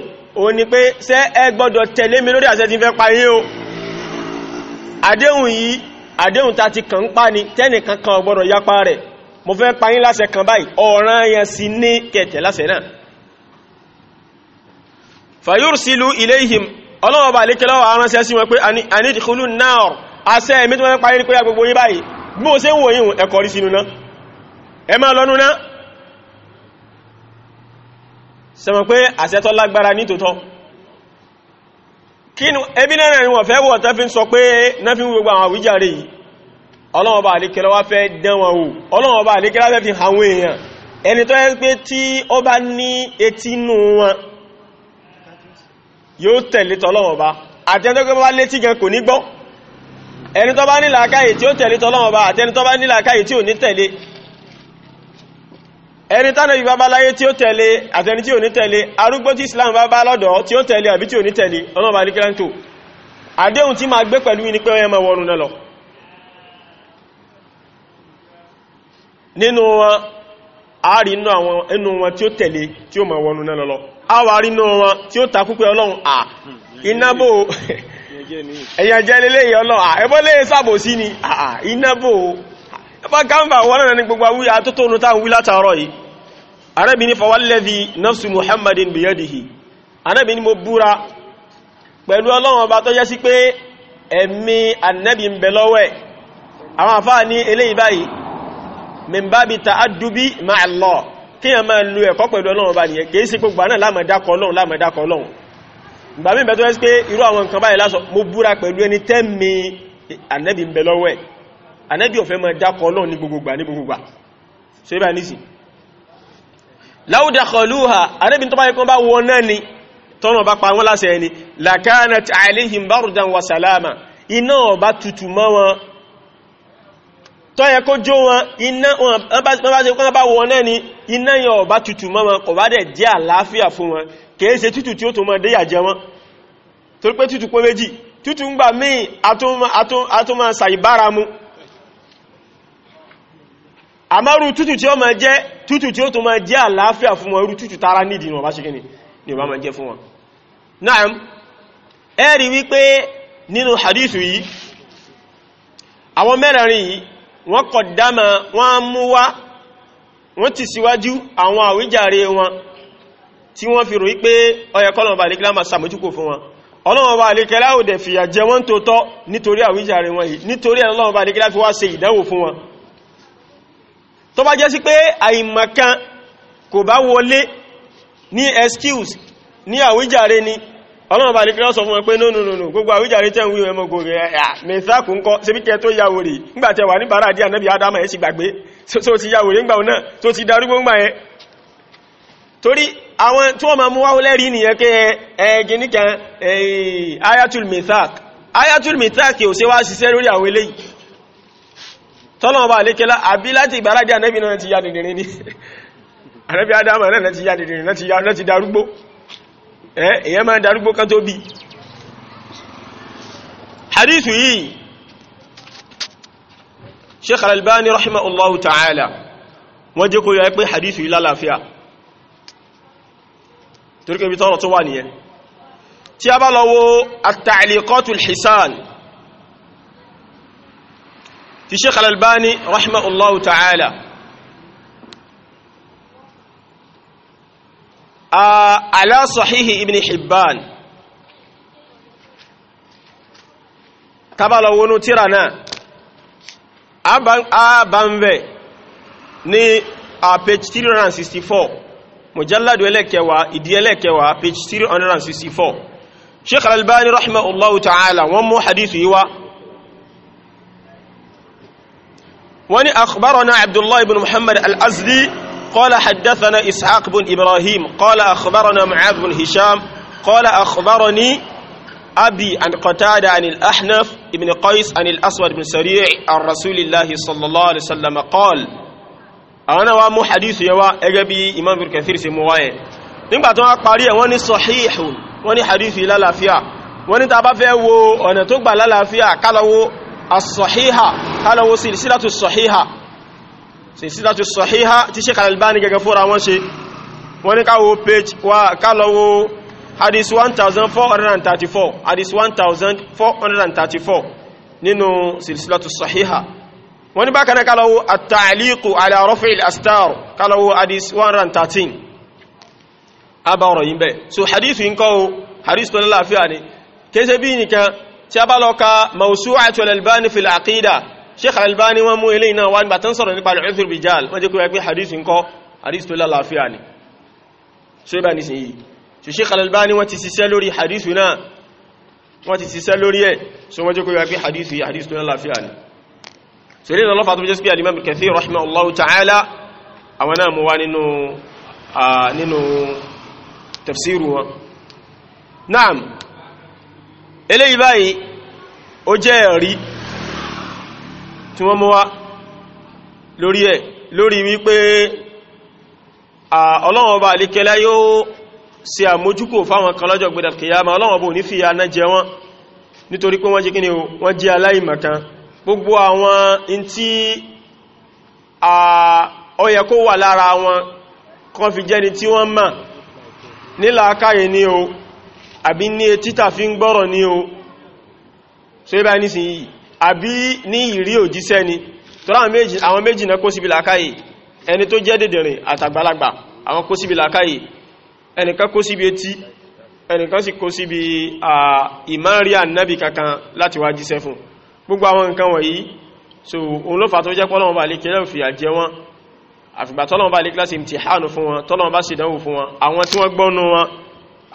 ọba òun ni pé ṣé ẹ gbọ́dọ̀ tẹ̀lé mi lórí àṣẹ tí fẹ́ parí o àdéhùn yìí àdéhùn ta ti kàn ń pa ni tẹ́nìkan kan ọgbọ́dọ̀ yapa rẹ̀ mo fẹ́ parí láṣẹ kan báyìí ọ̀ràn yẹn sí ní kẹtẹ̀ láṣẹ náà fayursilu ilayhim ọlọ́wọ́ bá lékẹ́ lọ́wọ́ aránṣẹ́ sí wọn pé anidkhulu an-nar àṣẹ ẹ̀mí tí wọ́n parí pé agbègbè yìí báyìí bí mo ṣe ń wòyìn ẹ̀kọ́ rí sínú náà ẹ máa lọ́nu náà sẹmọ̀ pé àṣẹ́tọ́ lágbára ní tòótọ́ kínú ẹbí náà ni wọ́n fẹ́ wọ́n tán fi ń sọ pé náà fi ń gbogbo àwọn àwíjàre yìí Ọlọ́run Ọba àlékẹ́lọ́ wá fẹ́ dán wọn wò Ọlọ́run Ọba àlékẹ́lọ́ fẹ́ fi àwọn gan kò ní gbọ́ ẹni tó bá ní làákàyè tí ó tẹ̀lé tỌlọ́run Ọba àti ẹni tánà yìí bábá tí ó tẹ̀lé àtẹni tí ò ní tẹ̀lé arúgbó tí islam bá bá lọ́dọ̀ tí ó tẹ̀lé àbí tí ò ní tẹ̀lé ọlọ́ọ̀bá ní kíláńtò àdéhùn tí ma gbé pẹ̀lú ní pé ọyẹ ma wọnú lọ nínú wọn inú wọn tí ó tẹ̀lé tí ó ma A inú wọn tí ó ọlọ́run à lélẹ́yìn ọlọ́run à ẹbọ́ lẹ́yìn e ni à ẹbá gánfà wọn náà ní gbogbo awúyà atótónu táwọn wí látàárọ̀ yìí arẹ́bì ní fọwọ́lẹ́dì nafsu muhammadin biyadihi arẹ́bì ní mo búra pẹ̀lú ọlọ́run ọba tó yẹ sí pé ẹ̀mí annabi ń bẹ lọ́wẹ́ àwọn àfáà ní eléyìí báyìí mẹ́mbàbí ta adúbí máa lọ kí ẹ máa lo ẹ̀kọ́ pẹ̀lú ọlọ́run ọba nìyẹn kìí sí gbogbo náà lámọ̀dákọ̀ ọlọ́run lámọ̀dákọ̀ ọlọ́run ìgbà mí bẹ̀ pé irú àwọn nǹkan báyìí lásọ mo búra pẹ̀lú ẹni tẹ́mi annabi ń bẹ lọ́wẹ́ ànábì ọ̀fẹ́ máa dákọ ọlọ́run ní gbogbogbà ní gbogbogbà so ibà ní sí láwùdá kọlúhà ànábì tó bá yẹ kó bá wọ náà ni tọ́nà bá pa wọ́n láṣẹ ẹni làkánà tààlìhìn bárùdán wa sàlámà iná ọba tutù mọ́ wọn tọ́ yẹ kó jó wọn iná wọn bá wọ náà ni iná yẹn ọba tutù mọ́ wọn kò bá dẹ̀ jẹ́ àlàáfíà fún wọn kìí ṣe tutù tí ó tó mọ́ déyà jẹ wọn torí pé tutù pé méjì tutù ń gbà míì àtúnmọ̀ àtúnmọ̀ sàìbáramu àmárù tútù tí ó ma jẹ́ tútù tí ó tó ma jẹ́ àlàáfíà fún wọn irú tútù tara nídìí wọn bá ṣe kíni ni wọ́n ma jẹ́ fún wọn náà ẹ rí wípé nínú hadithu yìí àwọn mẹ́rẹ̀rin yìí wọ́n kọ̀ dáma wọ́n mú wá wọ́n ti síwájú àwọn àwíjàre wọn tí wọ́n fi rò wípé ọyẹ̀kọ́lọ̀ bá tó bá jẹ́ sí pé àìmọ̀kan kò bá wọlé ní excuse ní àwíjàre ni ọlọ́run bá ní kí wọ́n sọ fún wọn pé no no no no gbogbo àwíjàre tẹ́ ń wí ẹmọ gòrè ẹ̀yà mẹ́sàkù ń kọ́ síbí kẹ tó yàwó rè nígbà tẹ wà ní bàárà díà nẹ́bí adama ẹ̀ sì gbàgbé tó ti yàwó rè ńgbà náà tó ti darúgbó ńgbà yẹn torí àwọn tí wọ́n máa mú tọ́lọ́wọ́ bá lékẹ́lá àbí láti ìgbàládé ànẹ́bì náà ti ya dìdìrin ní ànẹ́bì adama náà ti ya dìdìrin náà ti darúgbó èyẹ máa darúgbó kan tó bí hadithu yìí Sheikh Al-Albani rahimahullahu ta'ala wọ́n jẹ́ kó yọ pé hadithu yìí lálàáfíà turkey bí ti Sheikh Al-Albani rahimahullahu ta'ala ala sahihi ibn Hibban tabala wonu tírà náà a bá ń bẹ̀ ní a page 364 mujalladu ẹlẹ́kẹwàá ìdí ẹlẹ́kẹwàá page 364 Sheikh Al-Albani rahimahullahu ta'ala wọ́n mú hadithu yíwá وني أخبرنا عبد الله بن محمد الأزدي قال حدثنا إسحاق بن إبراهيم قال أخبرنا معاذ بن هشام قال أخبرني أبي عن قتادة عن الأحنف بن قيس عن الأسود بن سريع عن رسول الله صلى الله عليه وسلم قال أنا وامو حديث يوا أجابي إمام بن كثير سموائي nígbà tó wá parí ẹ̀ wọ́n ní sọ̀híhùn wọ́n ní hadithi lálàáfíà wọ́n ní tàbá fẹ́ wo ọ̀nà tó gbà lálàáfíà as-sahiha kálọ̀ wo silsilatu as-sahiha silsilatu as-sahiha tí Sheikh Al-Albani gẹ́gẹ́ fúnra wọn ṣe wọ́n ní káwọ́ page wa kálọ̀ wo hadith 1434 hadith 1434 nínú silsilatu as-sahiha wọ́n ní bákan náà kálọ̀ wo at-ta'liqu ala raf'i al-astar kálọ̀ wo hadith 113 abáwọ̀rọ̀ yìí bẹ́ẹ̀ so hadith yìí ń kọ́ o hadith tó lálàáfíà ni kése bí nìkan tí a bá lọ ka mawsu'atu al-albani fil aqida sheikh al-albani wọn mú ilé iná wá nígbà tán sọ̀rọ̀ nípa al-udhr rijal wọ́n jẹ́ kó ẹgbẹ́ hadith ń kọ́ hadith tó lálàáfíà ni so ibà ní sin yìí so sheikh al-albani wọ́n ti ṣiṣẹ́ lórí hadith náà wọ́n ti ṣiṣẹ́ lórí ẹ̀ so wọ́n jẹ́ kó ẹgbẹ́ hadith yìí naam eléyìí báyìí ó jẹ́ ẹ̀rí tí wọ́n mú wá lórí ẹ̀ lórí wípé ọlọ́wọ́n ọba àlékẹ́lá yóò ṣe àmójúkò fáwọn kan lọ́jọ́ gbẹ̀dẹ̀ kìyàmà ọlọ́wọ́n bò ní fi àná jẹ wọ́n nítorí pé wọ́n jẹ́ kíni wọ́n jẹ́ aláìmọ̀kan gbogbo àwọn in tí ó yẹ kó wà lára wọn kan fi jẹ́ni tí wọ́n mọ̀ nílàákàyè ni o àbí ní etí tà fi ń gbọ́rọ̀ ní o ṣe bá ní sìn yìí àbí ní ìrí òjíṣẹ́ ni tọ́rọ àwọn méjì náà kó síbi làákàyè ẹni tó jẹ́ dèdèrìn àtàgbàlagbà àwọn kó síbi làákàyè ẹnìkan kó síbi etí ẹnìkan sì kó síbi ìmárí ànábì kankan láti wá jíṣẹ́ fún gbogbo àwọn nǹkan wọ̀nyí so òun ló fà tó jẹ́ pọ́lọ́wọ́n bá lè kẹ́lẹ́ òfìyà jẹ wọ́n àfìgbà tọ́lọ́wọ́n bá lè kílásì ìmtìhánù fún wọn tọ́lọ́wọ́n bá sì dánwò fún wọn àwọn tí wọ́n gbọ́nú wọn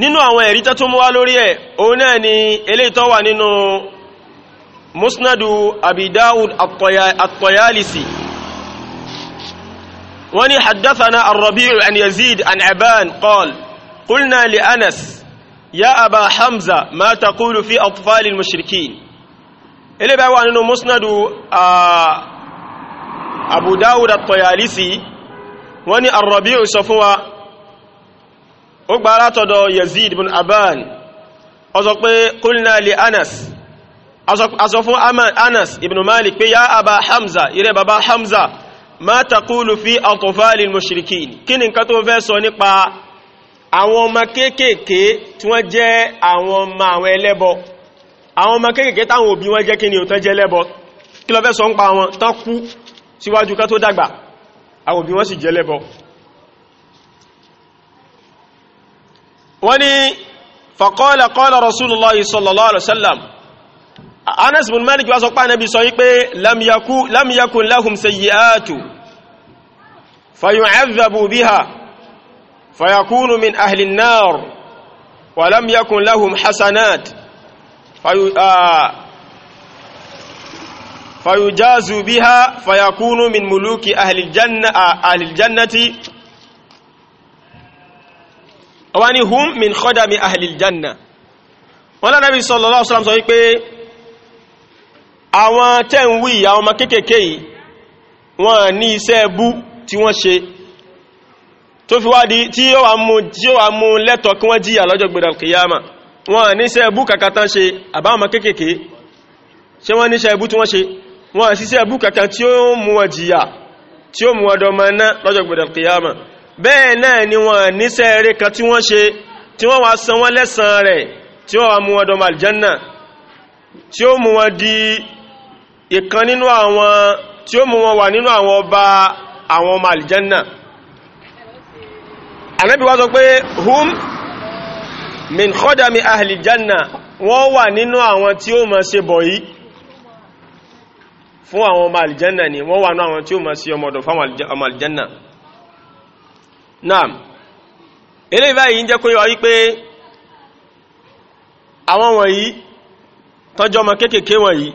nínú àwọn ẹ̀rí tó tún mú wá lórí ẹ̀ òun náà ni eléyìí tó wà nínú musnadu abi dawud at-tayalisi wọ́n ni haddathana ar-rabi'u an yazid an aban qal qulna li anas ya aba hamza ma taqulu fi atfalil mushrikin eléyìí wà nínú musnadu abu dawud at wọ́n ni ar sọ fún wa ó gbà látọ̀dọ̀ yazid bin aban ó sọ pé kulna li anas a sọ fún anas ibn malik pé ya aba hamza ire baba hamza ma taqulu fi atfalil mushrikin kí ni nǹkan tó fẹ́ sọ nípa àwọn ọmọ kéékèèké tí wọ́n jẹ́ àwọn ọmọ àwọn ẹlẹ́bọ àwọn ọmọ kéékèèké táwọn òbí wọn jẹ́ kí ni ò tán jẹ́ lẹ́bọ kí ló fẹ́ sọ ń pa wọn tán kú síwájú ká tó dàgbà àwọn òbí wọn sì jẹ́ lẹ́bọ wọ́n ní faqala qala rasulullahi sallallahu alaihi wasallam anas bin malik wá sọ pé anabi sọ wípé lam yakun lahum sayyi'atu fayu'adhabu biha fayakunu min ahli an-nar wa lam yakun lahum hasanat fayujazu biha fayakunu min muluki ahli al-jannati ọwá ní hum min kọ́dàmí ahìlìjánà wọ́n lánàbí sallallahu alaihi wasallam sọ wípé àwọn tẹ́ǹwì àwọn ọmọ kéèkèé yìí wọ́n ní iṣẹ́ ẹbú tí wọ́n ṣe tó fi wá di tí ó wà mú lẹ́tọ̀ kí wọ́n jíyà lọ́jọ́ gbẹ̀rẹ̀ kìyàmà wọ́n ní iṣẹ́ ẹbú kàkàtà ṣe àbá ọmọ kéèkèé ṣe wọ́n bẹ́ẹ̀ náà ni wọ́n níṣẹ́ eré kan tí wọ́n ṣe tí wọ́n wá san wọ́n lẹ́san rẹ̀ tí wọ́n wá mú wọn dọmọ aljanna tí ó mú wọn di ìkan nínú àwọn tí ó mú wọn wà nínú àwọn ọba àwọn ọmọ aljanna Ànábì wá sọ pé hum min khodami ahli janna wọ́n wà nínú àwọn tí ó máa ṣe bọ̀ yìí fún àwọn ọmọ aljanna ni wọ́n wà nínú àwọn tí ó máa ṣe ọmọdọ̀ fún ọmọ aljanna naam eléyìí báyìí ń jẹ́ kó yọ wípé àwọn wọ̀nyí tọ́jọ́ ọmọ kéékèèké wọ̀nyí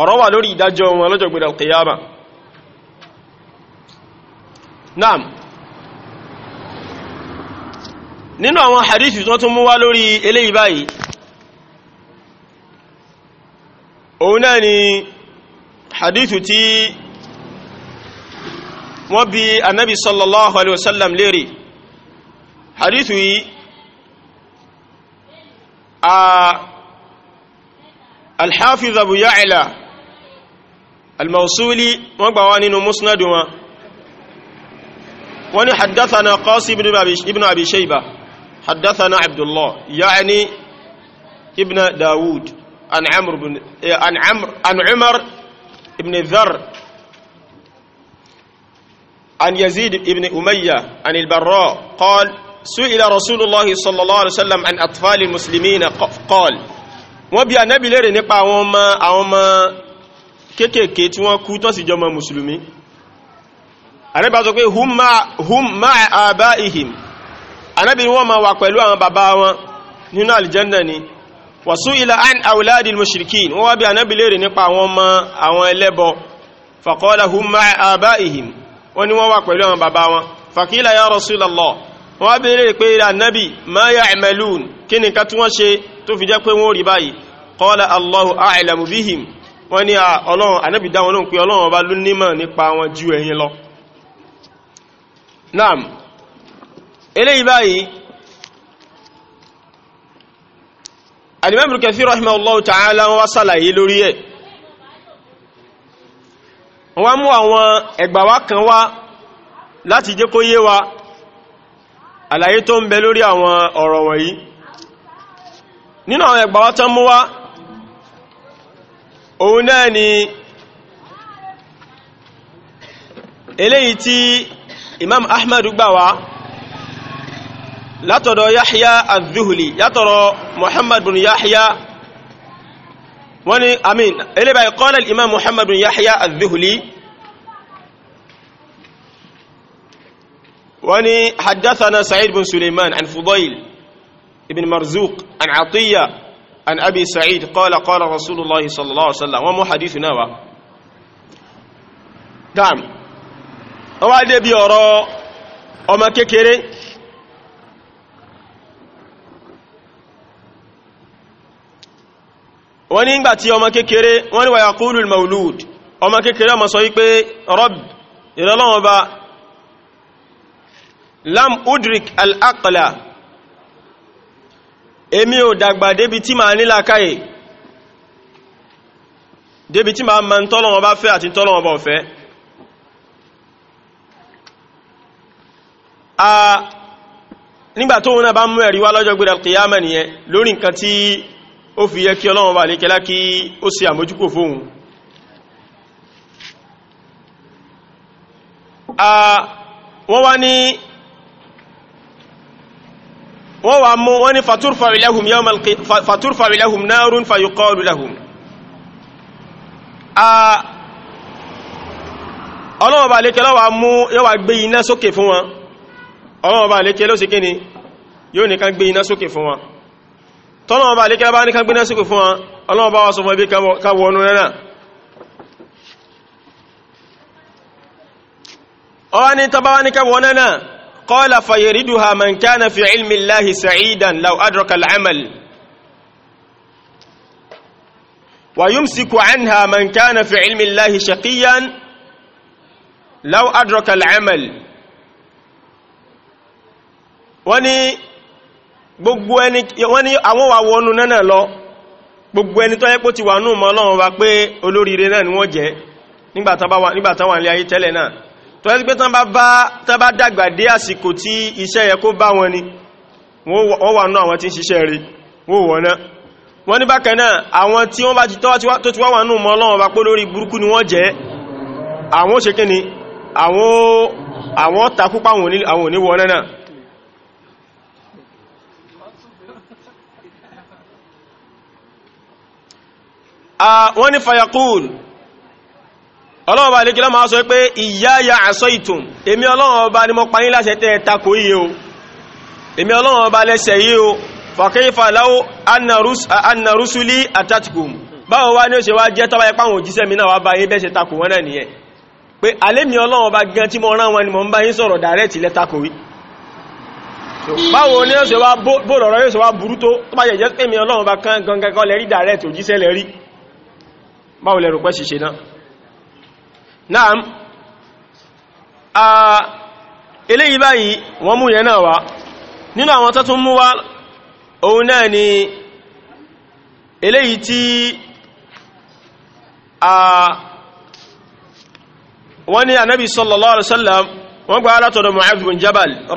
ọ̀rọ̀ wà lórí ìdájọ́ wọn lọ́jọ́ gbẹ̀rẹ̀ naam nínú àwọn hadithi tó tún mú wá lórí eléyìí báyìí òun náà ni wọ́n bi anabi sallallahu alayhi wa sallam léèrè hadithu yìí a alhafiz abu ya'la almausuli wọ́n gbà wá nínú musnadu wọn wọ́n ni haddathana qasi ibn abi shayba haddathana abdullah ya'ni ibn dawud an amr ibn an عن يزيد ابن أمية عن البراء قال سئل رسول الله صلى الله عليه وسلم عن أطفال المسلمين قال wọ́n bi Ànábì léèrè nípa àwọn ọmọ àwọn ọmọ kéékèèké tí wọ́n kú tó sì jọmọ mùsùlùmí Ànábì sọ pé hum ma'a abaihim Ànábì wọ́n máa wà pẹ̀lú àwọn bàbá wọn nínú àlìjẹ́ndà ni wa su'ila an awladil mushrikin wọ́n bi Ànábì léèrè nípa àwọn ọmọ àwọn ẹlẹ́bọ faqala hum abaihim wọ́n ní wọ́n wà pẹ̀lú àwọn bàbá wọn fàkílà ya Rasulullah wọ́n wá béèrè pé ìrà nábì ma ya'malun kí ni ká tí wọ́n ṣe tó fi jẹ́ pé wọ́n rí báyìí qala Allahu a'lamu bihim wọ́n ní ọlọ́run ànábì dá wọn lóhùn pé ọlọ́run ọba ta'ala wọ́n wá sàlàyé lórí ẹ̀ wọ́n mú àwọn ẹgbàwá kan wá láti jẹ́ kó yé wa àlàyé tó ń bẹ lórí àwọn ọ̀rọ̀ wọ̀nyí nínú àwọn ẹgbàwá tán mú wá òun náà ni eléyìí tí imam ahmadu gbà wá látọ̀dọ̀ yahya az-zuhli Muhammadu muhammad bin yahya wọ́n ni amin elébàá qala al-imam muhammad bin yahya az-zuhli wọ́n ni haddathana sa'id bin suleiman an fudayl ibn marzuq an atiyya an abi sa'id qala qala rasulullah sallallahu alaihi wasallam hadithu náà wá dáàmù wọ́n wá dé bí ọ̀rọ̀ ọmọ kékeré wọ́n ní ìgbà tí ọmọ kékeré wọ́n ní wà yàkúlù maulud ọmọ kékeré ọmọ sọ wípé rọ́b ìrọlọ́wọ́ bá lam udrik al'aqla èmi ò dàgbà débi tí ma ní làákàyè débi tí ma ma ń tọ́lọ́wọ́ bá fẹ́ àti tọ́lọ́wọ́ bá fẹ́ a nígbà tó wọn bá mú ẹ̀rí wá lọ́jọ́ gbẹ̀rẹ̀ kìyàmà nìyẹn lórí nǹkan tí ó fi yẹ kí ọlọ́run bá lékẹ́lá kí ó ṣe àmójúkò fóhun wọ́n wá ní wọ́n wá mú wọ́n ní faturfa ilẹ̀hùn náàrùn fayuqalu lahum ọlọ́run bá lékẹ́lá wà mú yóò wá gbé iná sókè fún wọn ọlọ́run bá lékẹ́lá ó sì ni yóò nìkan gbé iná sókè fún wọn tọ́nà ọba àlékẹ́ bá ní ká gbíná síkò fún wọn ọlọ́ọ̀bá wá sọ fún ẹbí káwọ ọnú náà ọwá ní tọ́bá wá ní káwọ ọnú qala fayariduha man kana ha mọ̀ Allahi sa'idan kana fi ilmi Allahi shaqiyan law wani gbogbo ẹni wọ́n ní àwọn wà wọnú náà lọ gbogbo ẹni tó yẹ pé ti wà nù mọ́ ọlọ́run wa pé olóríire náà ni wọ́n jẹ́ nígbàtán wà ní ayé tẹ́lẹ̀ náà tó yẹ pé tán bá dàgbà dé àsìkò tí iṣẹ́ yẹ kó bá wọn ni wọ́n wà nù àwọn tí ń ṣiṣẹ́ rí wọ́n wọ́n náà wọ́n ní bákan náà àwọn tí wọ́n náà wọ́n ní fayakul ọlọ́wọ́ bá lè kí lọ́mọ́ sọ pé ìyáyà àṣọ ìtùn èmi ọlọ́wọ́ bá ní mọ́ pa yín láṣẹ tẹ́ takò yìí o èmi ọlọ́wọ́ bá lẹ́ṣẹ̀ yìí o fàkífà láwọ́ annarusuli atatikum báwo wá ní ó ṣe wá jẹ́ tọ́bá ipá àwọn òjíṣẹ́ mi náà wá bá yín bẹ́ṣe takò wọ́n náà nìyẹn pé àlémi ọlọ́wọ́ bá gan tí mo rán wọn ni mo ń bá yín sọ̀rọ̀ dàrẹ́tì lẹ́takò yìí báwo ni ó ṣe wá bó lọ̀rọ̀ yóò ṣe wá burú tó tó bá jẹ́ pé mi ọlọ́wọ́ bá kán gangan kan lẹ́rí dàrẹ́tì òjíṣẹ́ lẹ́rí báwo lẹ́rù pẹ́ ṣiṣẹ́ náà naam a eléyìí báyìí wọ́n mú yẹn náà wá nínú àwọn tó tún mú wá òun náà ni eléyìí tí a wọ́n ní anábi sallallahu alaihi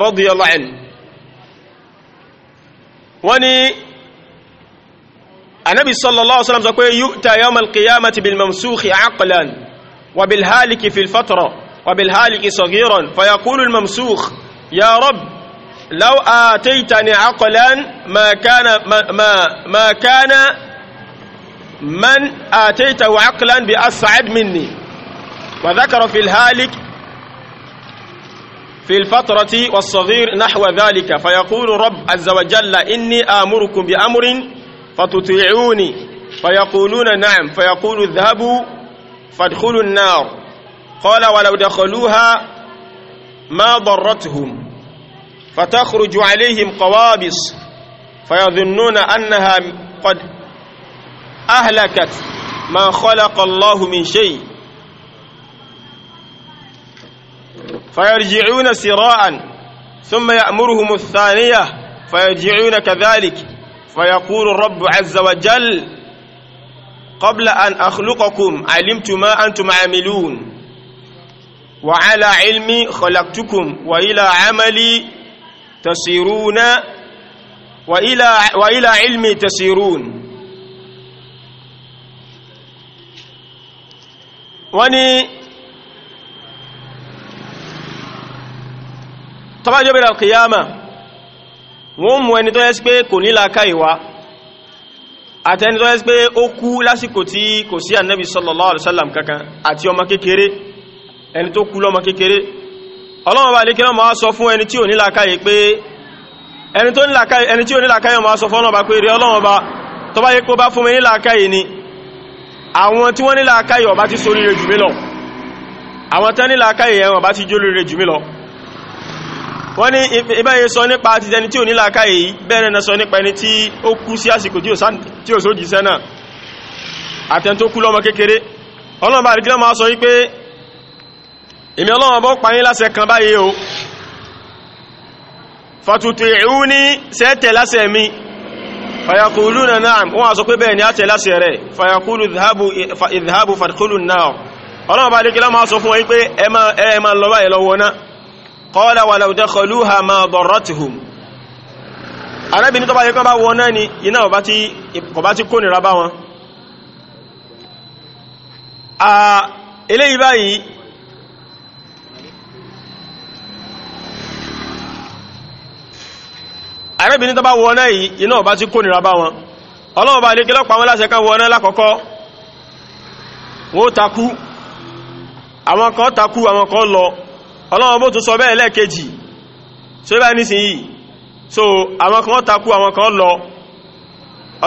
wọ́n gba anábì sallallahu alaihi wasallam sọ pé yu'ta yawmal qiyamati bil mamsukhi aqlan wa bil haliki fil fatra wa bil haliki saghiran fa yaqulu al mamsukh ya rab law ataytani aqlan ma kana ma ma kana man ataytahu aqlan bi as'ab minni wa dhakara fil halik في الفترة والصغير نحو ذلك فيقول رب عز وجل إني آمركم بأمر فتطيعوني فيقولون نعم فيقول اذهبوا فادخلوا النار قال ولو دخلوها ما ضرتهم فتخرج عليهم قوابص فيظنون أنها قد أهلكت ما خلق الله من شيء فيرجعون سراء ثم يأمرهم الثانية فيرجعون كذلك فيقول الرب عز وجل قبل أن أخلقكم علمت ما أنتم عاملون وعلى علمي خلقتكم وإلى عملي تسيرون وإلى, وإلى علمي تسيرون وني طبعا جبل القيامه wọ́n mú ẹni tó yẹ sí pé kò ní làákàyè wá àtẹni tó yẹ sí pé ó kú lásìkò tí kò sí ànábì sallallahu alaihi wasallam kankan àti ọmọ kékeré ẹni tó kú lọ́mọ kékeré ọlọ́run bá lékẹ́ ọmọ sọ fún ẹni tí ò ní làákàyè pé ẹni tó ni àwọn tí wọ́n ní wọ́n ní ìbẹ́yẹ sọ nípa ti tẹni tí ò ní làákàyè yìí bẹ́ẹ̀rẹ̀ náà sọ nípa ẹni tí ó kú sí àsìkò tí ò sójì sẹ́nà àtẹn tó kú lọ́mọ kékeré ọlọ́mọba àríkílẹ̀ máa sọ ọlọ́mọ bọ́ ní sẹ́ẹ̀tẹ̀ láṣẹ na na'am wọ́n sọ pé bẹ́ẹ̀ ni a tẹ̀ láṣẹ rẹ̀ fàyàkùlù ìdhábù fàdkùlù náà ọlọ́mọba àríkílẹ̀ máa wípé ẹ máa lọ náà qala walau dakhaluha ma darratuhum arábìnrin tó bá yẹ kán bá wọ náà ni iná kò bá ti kó nìra bá wọn eléyìí báyìí arábìnrin tó bá wọ náà yìí iná bá ti kó nìra bá wọn ọlọ́wọ́ bá lékẹ́ wọn láṣẹ kan wọ náà wọ́n takú àwọn kan takú àwọn kan lọ ọlọ́wọ́ bó tún sọ bẹ́ẹ̀ lẹ́ẹ̀kejì so bá nísìnyí so àwọn kan takú àwọn kan lọ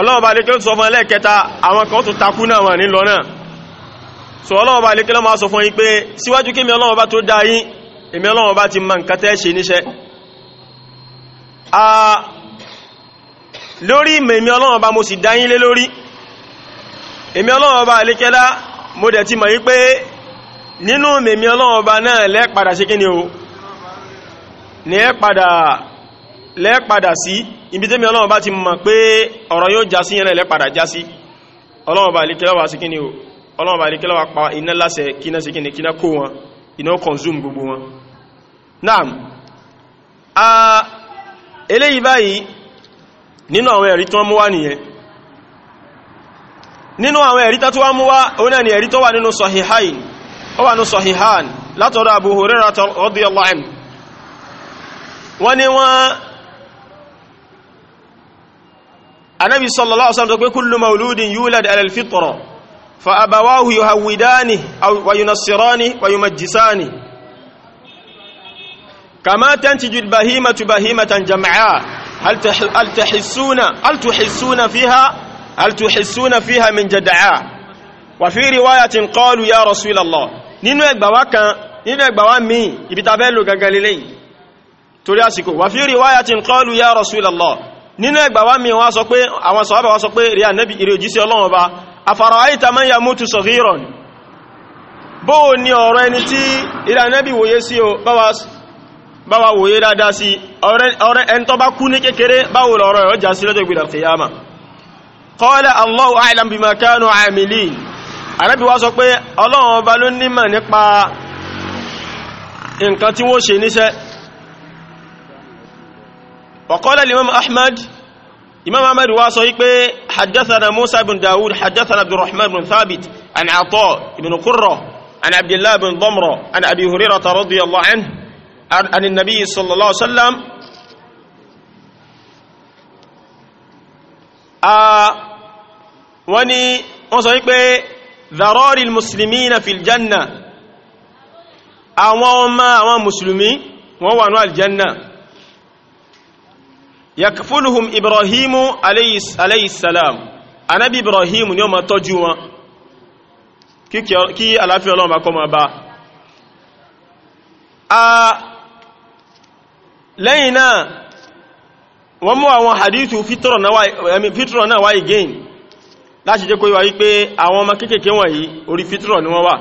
ọlọ́wọ́ bá lékẹ́ sọ fún lẹ́ẹ̀kẹta àwọn kan tún takú náà wà nílọ náà so ọlọ́wọ́ bá lékẹ́ lọ́mọ́ sọ fún yín pé síwájú kí mi ọlọ́wọ́ bá tó dá yín èmi ọlọ́wọ́ bá ti mọ nǹkan tẹ́ ṣe níṣẹ́ lórí ìmẹ̀mí ọlọ́wọ́ bá mo sì dá yín lé lórí èmi ọlọ́wọ́ bá lékẹ́lá mo dẹ̀ ti mọ̀ yí pé nínú mẹ̀mí ọlọ́run ọba náà lẹ́ẹ̀padà ṣe kíni o lẹ́ẹ̀padà sí ibi tẹ́mi ọlọ́run ọba ti mọ̀ pé ọ̀rọ̀ yóò já sí yẹn lẹ́ẹ̀padà já sí ọlọ́run ọba àríkẹ́lọ́wà sí kíni o ọlọ́run ọba àríkẹ́lọ́wà pa iná láṣẹ kíná sí kíni kíná kó wọn a eléyìí báyìí nínú àwọn ẹ̀rí tó mú wá nìyẹn nínú àwọn ẹ̀rí tó wá mú wá òun náà ni ẹ̀rí tó wà nínú Sahihain ó wà ní Sahihan látọ̀dọ̀ Abu Hurairah radiyallahu anhu wọ́n ni wọ́n anábi sallallahu alaihi wasallam tó pé kullu mauludin yulad ala al-fitra fa abawahu yuhawidani wa yunassirani wa yumajjisani kama tantiju al-bahimatu bahimatan jam'a hal tahissuna hal tuhissuna fiha hal tuhissuna fiha min jad'a wa fi riwayatin qalu ya rasul Allah nínú ẹgbàwá kan nínú ẹgbàwá míì ibi tàbẹ́ lò gangan lélẹ̀ yìí torí àsìkò wà fí riwayatin qalu ya Rasulallah nínú ẹgbàwá míì wọ́n sọ pé àwọn sọ̀hábà wọ́n sọ pé rí ànábì ìrè òjíṣẹ́ Ọlọ́run ọba afara'ayta man yamutu saghiran bóò ni ọ̀rọ̀ ẹni tí ìrè ànábì wòye sí o báwa wòye dáadáa sí ọ̀rẹ́ ẹni tó bá ànábì wá sọ pé ọlọ́run ọba ló nímọ̀ nípa nǹkan tí wọ́n ṣe níṣẹ́ ọ̀kọ́lẹ̀ imam ahmad imam ahmad wá sọ wípé haddathana musa bin dawud haddathana abdurrahman bin thabit an ato ibn qurra an abdullah bin damra an abi hurairata radiyallahu anhu an nabi sallallahu alaihi wọ́n ni wọ́n sọ wípé dharari al-muslimina fil janna àwọn ọmọ àwọn musulmi wọ́n wà ní aljanna yakfuluhum ibrahimu alayhi salam anabi ibrahimu ni ó ma tọ́jú wọn kí aláfíà ọlọ́run bá kọ́ ma bá a lẹ́yìn náà wọ́n mú àwọn hadithu fitrọ̀ náà wáyé again láti jẹ́ kó yíwa wípé àwọn ọmọ kéékèèké wọ̀nyí orí fitrọ̀ ni wọ́n wà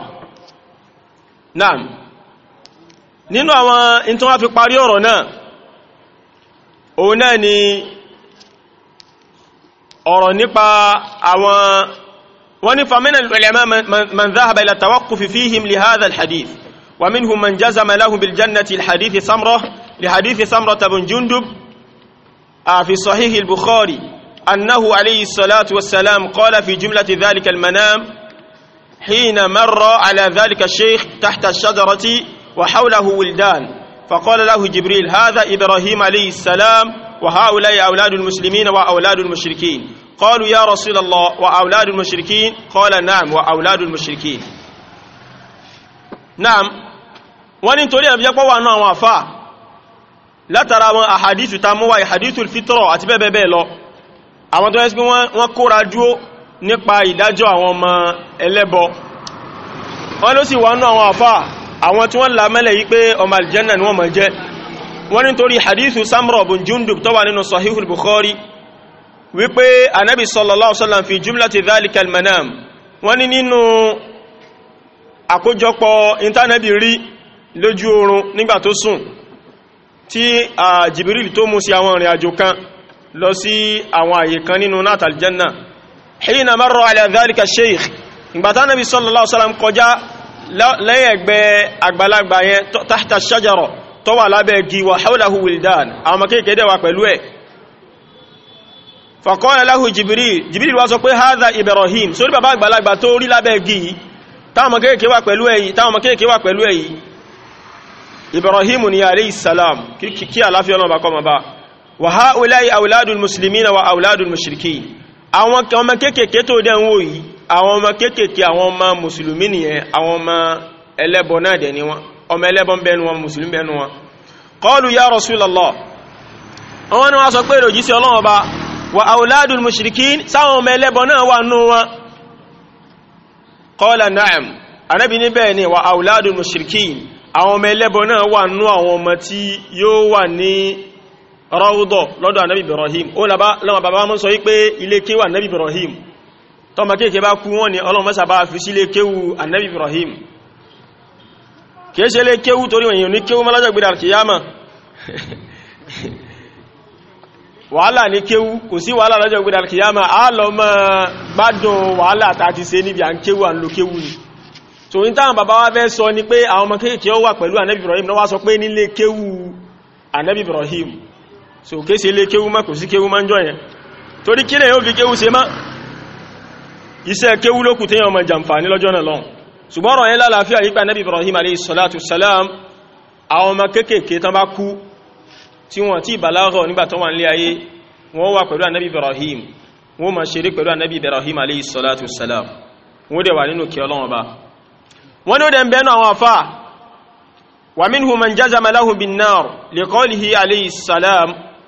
náà nínú àwọn ìntọ́ wá fi parí ọ̀rọ̀ náà òun náà ni ọ̀rọ̀ nípa àwọn wọ́n ní famina al-ulama man dhahaba ila tawaqqufi fihim li hadha al-hadith wa minhum man jazama lahu bil jannati al-hadith samra li hadith fi sahih al-bukhari أنه عليه الصلاة والسلام قال في جملة ذلك المنام حين مر على ذلك الشيخ تحت الشجرة وحوله ولدان فقال له جبريل هذا إبراهيم عليه السلام وهؤلاء أولاد المسلمين وأولاد المشركين قالوا يا رسول الله وأولاد المشركين قال نعم وأولاد المشركين نعم wọ́n ní torí ẹ̀bí ẹpọ́ wà náà wọn àfáà látara wọn àhàdìtù tamọ́wà ìhàdìtù fítọ́rọ̀ àwọn tó yẹ pé wọ́n kóra dúó nípa ìdájọ́ àwọn ọmọ ẹlẹ́bọ wọ́n ló sì wà nú àwọn àfà àwọn tí wọ́n lámẹ́lẹ̀ yí pé ọmọ aljanna ni wọ́n máa jẹ́ wọ́n nítorí hadithu samro bin jundub tó wà nínú sahihul bukhari wípé anabi sallallahu sallam wasallam fi jumlati dhalika almanam wọ́n ní nínú àkójọpọ̀ intanẹ́bì rí lójú oorun nígbà tó sùn tí Jibril tó mú sí àwọn ìrìn àjò kan lọ sí àwọn àyè kan nínú náà tàlìjánà hìnà márọ̀ aláàdáríkà sheikh ìgbàtà nàbí sallallahu alaihi wasallam kọjá lẹ́yẹ̀gbẹ́ àgbàlagbà yẹn tahta shajara tó wà lábẹ́ igi wa hawlahu wildan àwọn kéèkéé wà pẹ̀lú ẹ̀ faqala lahu jibril jibril wá sọ pé hadha ibrahim sórí bàbá àgbàlagbà tó rí lábẹ́ igi táwọn kéèkéé wà pẹ̀lú èyí ibrahim ni alayhi wa haulai auladul muslimina wa auladul mushrikin àwọn ọmọ kéékèèké tó dẹ̀ ń wò yìí àwọn ọmọ kéékèèké àwọn ọmọ mùsùlùmí nìyẹn àwọn ọmọ ẹlẹ́bọ náà dẹ̀ ni wọn ọmọ ẹlẹ́bọ ń bẹnu wọn mùsùlùmí bẹnu wọn qalu ya rasulallah àwọn ni wọ́n sọ pé ìròjì sí ọlọ́wọ́ bá wa auladul mushrikin sáwọn ọmọ ẹlẹ́bọ náà wà nù wọn qala na'am anábì ní bẹ́ẹ̀ ni wa auladul mushrikin àwọn ọmọ ẹlẹ́bọ náà wà nù àwọn ọmọ tí yóò wà ní rọ́wọ́dọ̀ lọ́dọ̀ ànábì Ibrahim ó lọ́wọ́ bàbá mọ́ sọ wípé ilé kéwà ànábì Ibrahim tọ́mà kéèkéé bá kú wọ́n ni ọlọ́run mọ́sà bá fi sílé kéwù ànábì Ibrahim kéèṣe lé kéwù torí èèyàn ní kéwù mọ́lájọ́ gbé dàrkìyàmà wàhálà ní kéwù kò sí wàhálà lọ́jọ́ gbé dàrkìyàmà á so ní táwọn wa fẹ́ sọ ni pé àwọn ọmọ kéèkéé wà Ibrahim náà wá sọ pé Ibrahim so kéèsì ilé kéwú má kò sí kéwú má ń jọ yẹn torí kílẹ̀ yóò fi kéwú ṣe má iṣẹ́ kéwú lókù tí yàn ọmọ jàǹfààní lọ́jọ́ náà lọ́n ṣùgbọ́n ọ̀rọ̀ yẹn lálàáfíà yípa nẹ́bí Ibrahim alayhi salatu salam àwọn ọmọ kéékèèké tán bá kú tí wọ́n ti ìbàlágọ̀ nígbà tó wà nílé ayé wọ́n wà pẹ̀lú ànẹ́bí Ibrahim wọ́n ma ṣeré pẹ̀lú ànẹ́bí Ibrahim alayhi salatu salam wọ́n dẹ̀ wà nínú kí ọlọ́wọ́n bá wọ́n ní ó dẹ̀ ń bẹ́nu àwọn afá wà man jazama lahu bin nar liqawlihi alayhi salam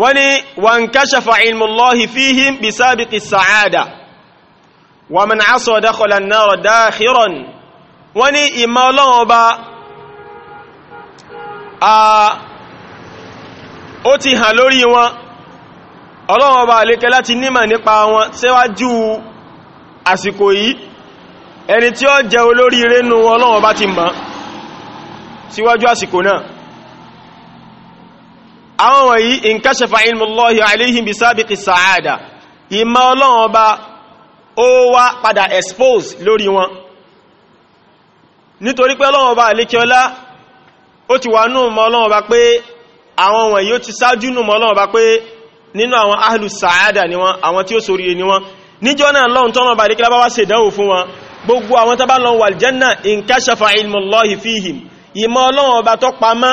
wọ́n ni wọ́n kashafa ilmullahi fihim bí sábìkì sa'ada wọ́n mọ̀ náà sọ dákọlá náà dáhìrán wọ́n ni ìmọ̀ ọlọ́wọ́ bá a ó ti hàn lórí wọn ọlọ́wọ́ bá alékẹ́ láti nímọ̀ nípa wọn síwájú àsìkò yìí ẹni tí ó jẹ́ olórí irénu ọlọ́wọ́ bá ti mọ̀ síwájú àsìkò náà àwọn wọ̀nyí inkashafa ilmullahi alayhim bí sábìkì sàádà ìmọ̀ ọlọ́run ọba ó wá padà expose lórí wọn nítorí pé ọlọ́run ọba àlékiọlá ó ti wà nù mọ́ ọlọ́run ọba pé àwọn wọ̀nyí ó ti sáájú nù mọ́ ọlọ́run ọba pé nínú àwọn ahlu sàádà ni wọn àwọn tí ó sóríye ni wọn níjọ́ náà lọ́n tọ́nà bá dékẹ́lá bá wá ṣe ìdánwò fún wọn gbogbo àwọn tàbá lọ wà jẹ́nà in kashafa ilmullahi fihim ìmọ̀ ọlọ́run ọba tó pamọ́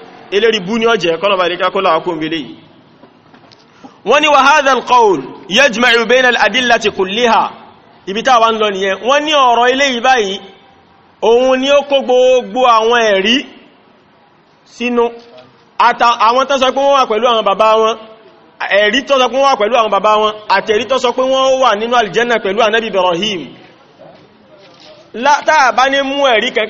eléri bú ní ọjẹ́ kọ́lọ̀bà ìrìká kó láàkún bí léyìí wọ́n ni wa hadha al-qawl yajma'u bayna al-adillati kulliha ibi táwa ń lọ nìyẹn wọ́n ní ọ̀rọ̀ eléyìí báyìí òun ni ó kó gbogbo àwọn ẹ̀rí sínú àwọn tó sọ pé wọ́n wà pẹ̀lú àwọn bàbá wọn ẹ̀rí tó sọ pé wọ́n wà pẹ̀lú àwọn bàbá ní mú ẹ̀rí kan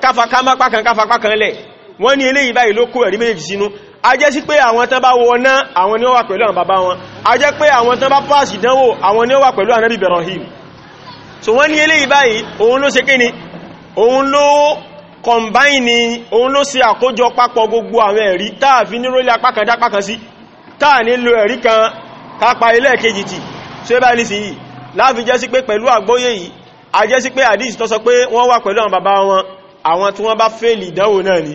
káfapá kan káfapá kan lẹ̀ wọ́n ní eléyìí báyìí ló kó ẹ̀rí méjì sínú a jẹ́ sí pé àwọn tán bá wọná àwọn ni ó wà pẹ̀lú àwọn bàbá wọn a jẹ́ pé àwọn tán bá pàṣì dánwò àwọn ni ó wà pẹ̀lú ànábì Ibrahim so wọ́n ní eléyìí báyìí òun ló ṣe kíni òun ló kọmbáìnì òun ló ṣe àkójọ papọ̀ gbogbo àwọn ẹ̀rí táà fi ní rólé apákandá pákan sí táà nílò ẹ̀rí kan kápa ilé kejì tì tí ó bá ní sí yìí láàfi jẹ́ sí pé pẹ̀lú àwọn tí wọ́n bá fèèlì ìdánwò náà ni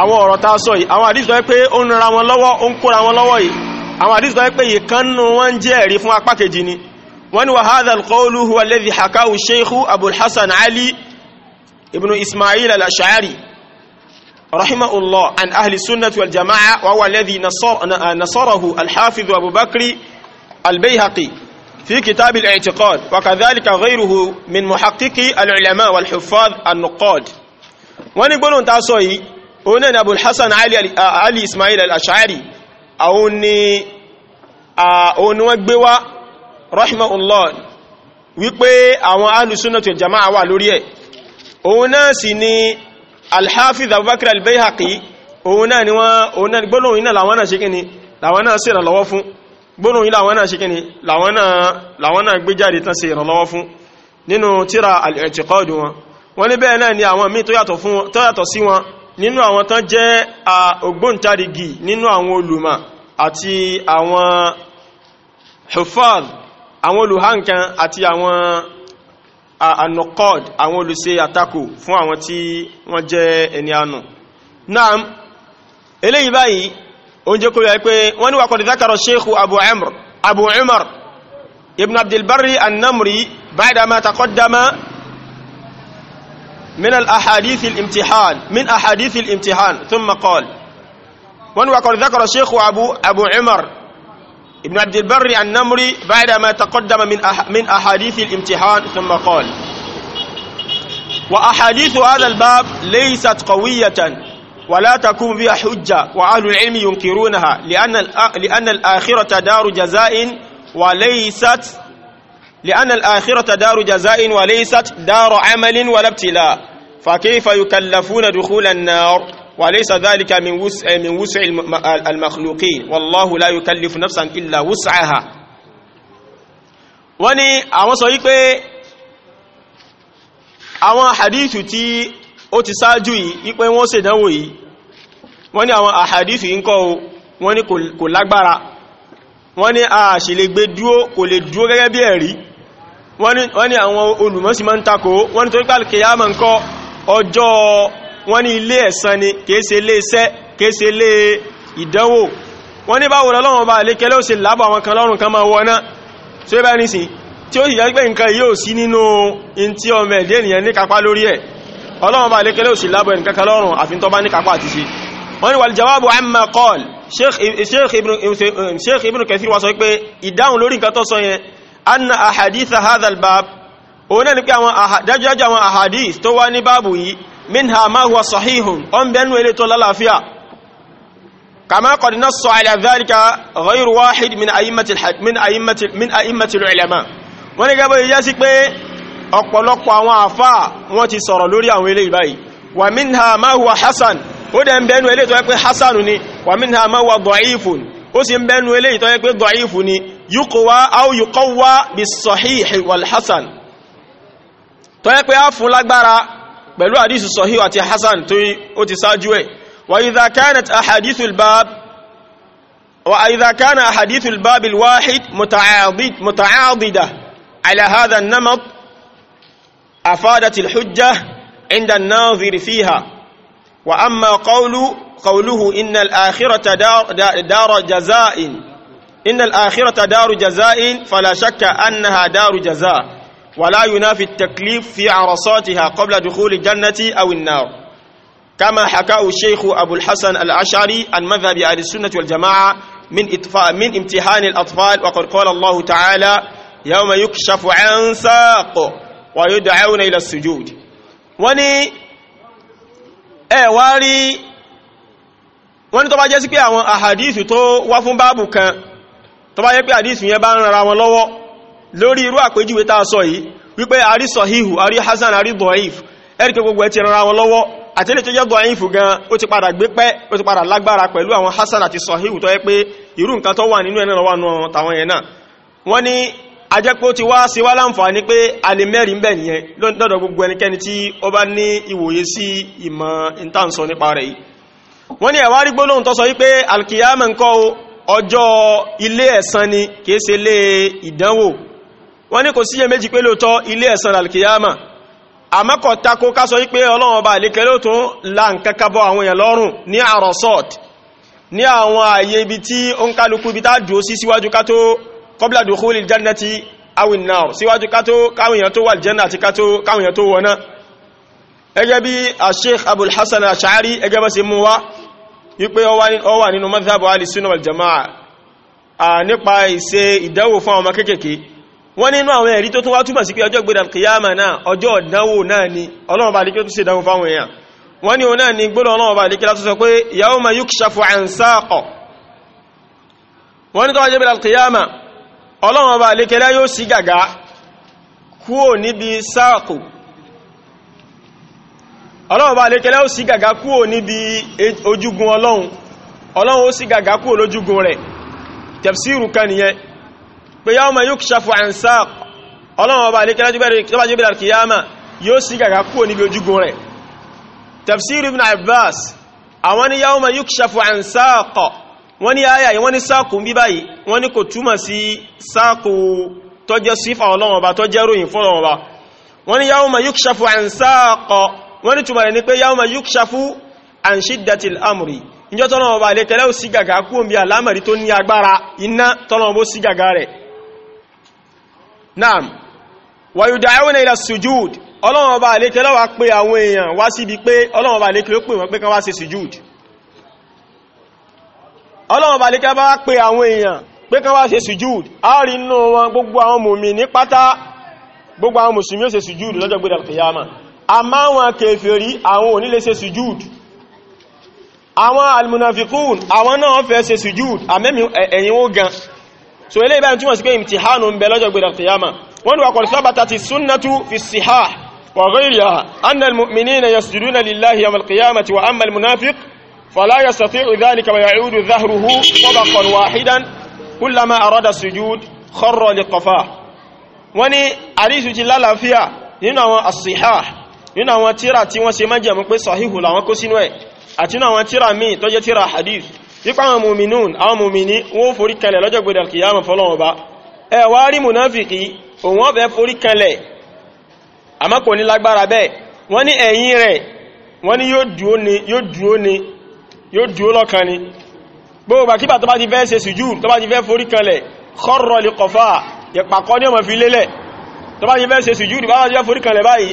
àwọn ọ̀rọ̀ tá a sọ yìí àwọn àdìsọ pé ó ń ra wọn lọ́wọ́ ó ń kóra wọn lọ́wọ́ yìí àwọn àdìsọ pé ìkànnù wọn jẹ́ ẹ̀rí fún apá kejì ni wọ́n ní wa hadha al-qawlu huwa alladhi hakahu sheikhu abul hasan في كتاب الاعتقاد وكذلك غيره من محققي العلماء والحفاظ النقاد ونقولون تاسوي òun náà ni Abul Hasan Ali ah, Ismail al-Ash'ari àwọn ah, ni wọ́n gbé wá rahimahullah wípé àwọn ahlùsúnà tó jama'a wà lórí ẹ̀ òun náà sì ni al-Hafiz Abubakar al-Bayhaqi òun náà ni wọ́n gbónúyìn náà làwọn náà ṣe kíni làwọn náà ṣe ìrànlọ́wọ́ fún gbónúyìn làwọn náà ṣe kíni làwọn náà gbé jáde tán ṣe ìrànlọ́wọ́ nínú àwọn tán jẹ́ ògbóǹtarìgì nínú àwọn olùmọ̀ àti àwọn hufad àwọn olùhánkan àti àwọn anokod àwọn olùṣe àtakò fún àwọn tí wọ́n jẹ́ ẹni ànà náà eléyìí báyìí oúnjẹ kó yẹ pé wọ́n ní wà kọ̀dí dákàrọ̀ sheikhu abu amr abu umar ibn abdulbari annamri ba'da ma taqaddama من الأحاديث الامتحان من أحاديث الامتحان ثم قال وقد ذكر الشيخ أبو, أبو عمر ابن عبد البر النمري بعدما تقدم من من أحاديث الامتحان ثم قال وأحاديث هذا الباب ليست قوية ولا تكون بها حجة وأهل العلم ينكرونها لأن لأن الآخرة دار جزاء وليست لأن الآخرة دار جزاء وليست دار عمل ولا ابتلاء فكيف يكلفون دخول النار وليس ذلك من وسع من وسع المخلوقين والله لا يكلف نفسا إلا وسعها wani àwọn sọ wípé àwọn hadithu tí ó ti ṣáájú yìí wípé wọ́n ṣe dánwò yìí wọ́n ní àwọn àhadithu yìí ń kọ́ wọ́n ní kò lágbára wọ́n ní a ṣe lè gbé dúó kò lè dúó gẹ́gẹ́ bí ẹ̀rí wọ́n ní àwọn olùmọ́sí máa ń takò wọ́n ní torí pàlì kìyàmà ń kọ́ ọjọ́ wọ́n ní ilé ẹ̀san ni kèése ilé iṣẹ́ kèése ilé ìdánwò wọ́n ní báwo lọ́wọ́ bá lè kẹ́lẹ́ òsè lábọ̀ àwọn kan lọ́rùn kan máa wọ́ná tí ó bá ní sí tí ó sì jẹ́ nǹkan yóò sí nínú in tí ọmọ ẹ̀dẹ́ ènìyàn ní kápá lórí ẹ̀ ọlọ́wọ́ bá lè kẹ́lẹ́ òsè lábọ̀ ẹnìkan kan lọ́rùn àfi tó bá ní kápá àti ṣe wọ́n ní wal jawabu amma qal Sheikh Ibn Kathir wa sọ pé ìdáhùn lórí nǹkan tó sọ yẹn anna ahadith hadha albab òun náà ni pé àwọn dájúdájú àwọn ahadith tó wá ní báàbù yìí minha ma huwa sahihun ọ̀n bẹ́nu ilé tó lálàáfíà kama qad nassa ala dhalika ghayru wahid min a'immati min a'immati min a'immati al-ulama wọ́n ní gẹ́gẹ́ bí yá sí pé ọ̀pọ̀lọpọ̀ àwọn àfáà wọ́n ti sọ̀rọ̀ lórí àwọn eléyìí báyìí wa minha ma huwa hasan ó dẹ̀ ń bẹ́nu eléyìí tó yẹ pé hasan ni wa minha ma huwa da'ifun ó sì ń bẹ́nu eléyìí tó yẹ pé da'ifun ni yúkọwà áwò yúkọwà bí sọ̀híhì wàlhásán tó yẹ pé a fún lágbára pẹ̀lú àdísù sọ̀híhì àti hassan tó ó ti sáájú ẹ̀ wà ìdá kánà àhàdíthul bábil wáhid muta'adida alahada namat afadatil hujja inda nazir fiha wa amma qawluhu innal akhirata dar jaza'in إن الآخرة دار جزاء فلا شك أنها دار جزاء ولا ينافي التكليف في عرصاتها قبل دخول الجنة أو النار كما حكاه الشيخ أبو الحسن الأشعري عن مذهب أهل السنة والجماعة من إطفاء من امتحان الأطفال وقد قال الله تعالى يوم يكشف عن ساق ويدعون إلى السجود وني أواري واري وني tó bá يا أحاديث تو àwọn بابك tó bá yẹ pé àdísù yẹn bá ń rara wọn lọ́wọ́ lórí irú àpèjúwe tá sọ yìí wípé àrí sọ̀híhù àrí hasan àrí dọ̀íf ẹ̀rí pé gbogbo ẹ̀ ti rara wọn lọ́wọ́ àti ilé tó jẹ́ dọ̀íf gan ó ti padà gbé pẹ́ ó ti padà lágbára pẹ̀lú àwọn hasan àti sọ̀híhù tó yẹ pé irú nǹkan tó wà nínú ẹ̀ náà wà nù tàwọn yẹn náà wọ́n ní ajẹ́pọ̀ ti wá sí wá láǹfààní pé alìmẹ́rin ń bẹ̀ nìyẹn lọ́dọ̀ gbogbo ẹnikẹ́ni tí alkiyama ń ọjọ́ ilé ẹ̀san ni kìí ṣe ilé ìdánwò wọ́n ní kò síyè méjì pé lóòtọ́ ilé ẹ̀san alkiyama àmọ́kọ̀ tako ká sọ wípé ọlọ́run ọba àlékẹ́ ló tún la nǹkan kabọ àwọn èèyàn lọ́rùn ní àrọ̀sọ́t ní àwọn ààyè ibi tí ó ń kálukú ibi tá dùó sí síwájú ká tó Abul Hasan Ash'ari ẹgẹ́ wípé ó wà nínú madhhab al-sunnah wal jama'a nípa ìṣe ìdánwò fún àwọn ọmọ kéékèèké wọ́n nínú àwọn ẹ̀rí tó tún wá túmọ̀ sí pé ọjọ́ gbéra kìyàmà náà ọjọ́ ìdánwò náà ni ọlọ́run bá lékẹ́ tó ṣe ìdánwò fáwọn èèyàn wọ́n ní òun náà ni gbọ́dọ̀ ọlọ́run bá lékẹ́ látọ́ sọ pé yawma yukshafu an saq wọ́n ní tó wá jẹ́ gbéra kìyàmà ọlọ́run bá lékẹ́ lá yóò sí gàgá kúò níbi ọlọ́run bá lè kẹlẹ́ ó sì gàgá kúrò níbi ojúgun ọlọ́run ọlọ́run ó sì gàgá kúrò lójúgun rẹ̀ tafsiru kan nìyẹn pé yawma yukshafu an saq ọlọ́run bá lè kẹlẹ́ jùbẹ́rẹ̀ jùbẹ́rẹ̀ kìyàmà yóò sì gàgá kúrò níbi ojúgun rẹ̀ tafsiru ibn abbas àwọn ni yawma yukshafu an saq wọ́n ní ayà yìí wọ́n ní sáàkù ń bí báyìí wọ́n ní kò túmọ̀ sí sáàkù tọ́jẹ́ sífà ọlọ́run tọ́jẹ́ ròyìn fún wọ́n ní yawma yukshafu an saq wọ́n ní túnmọ̀ rẹ̀ ní pé yawma yukshafu an amri ìjọ tọ́nà ọba àlékẹ́lẹ́ ò sí gàgà kú òmí alámẹ̀rí tó ní agbára iná tọ́nà ọbó sí gàgà rẹ̀ naam wa yud'awna ila sujud ọlọ́run ọba àlékẹ́lẹ́ ọba sujud ọba a gbogbo àwọn mùsùlùmí ó lọ́jọ́ a máa wọn kèfèrí àwọn ò ní lè ṣe sujúd àwọn almunafikun àwọn náà fẹ́ ṣe sujúd àmẹ́mí ẹ̀yìn ó gan so ilé ìbáyìí túnmọ̀ sí pé ìmtìhánu ń bẹ lọ́jọ́ gbẹ̀rẹ̀ tìyàmà wọ́n wà kọ̀ sábàtà ti súnnatú fi síhá wa nínú àwọn as nínú àwọn tíra tí wọ́n ṣe májẹ̀mú pé sahihu làwọn kó sínú ẹ̀ àti nínú àwọn tíra míì tó jẹ́ tíra hadith nípa àwọn muminun àwọn mumini wọ́n forí kanlẹ̀ lọ́jọ́ gbẹ̀dẹ̀ kìyàmù fọ́lọ́wọ́ bá ẹ wá rí munafiki òun ọ̀fẹ́ forí kanlẹ̀ àmọ́ kò ní lágbára bẹ́ẹ̀ wọ́n ní ẹ̀yìn rẹ̀ wọ́n ní yóò bá ti fẹ́ ṣe sùjú tó li qafa ìpàkọ́ ní ọmọ fi lélẹ̀ tó bá ti fẹ́ ṣe báyìí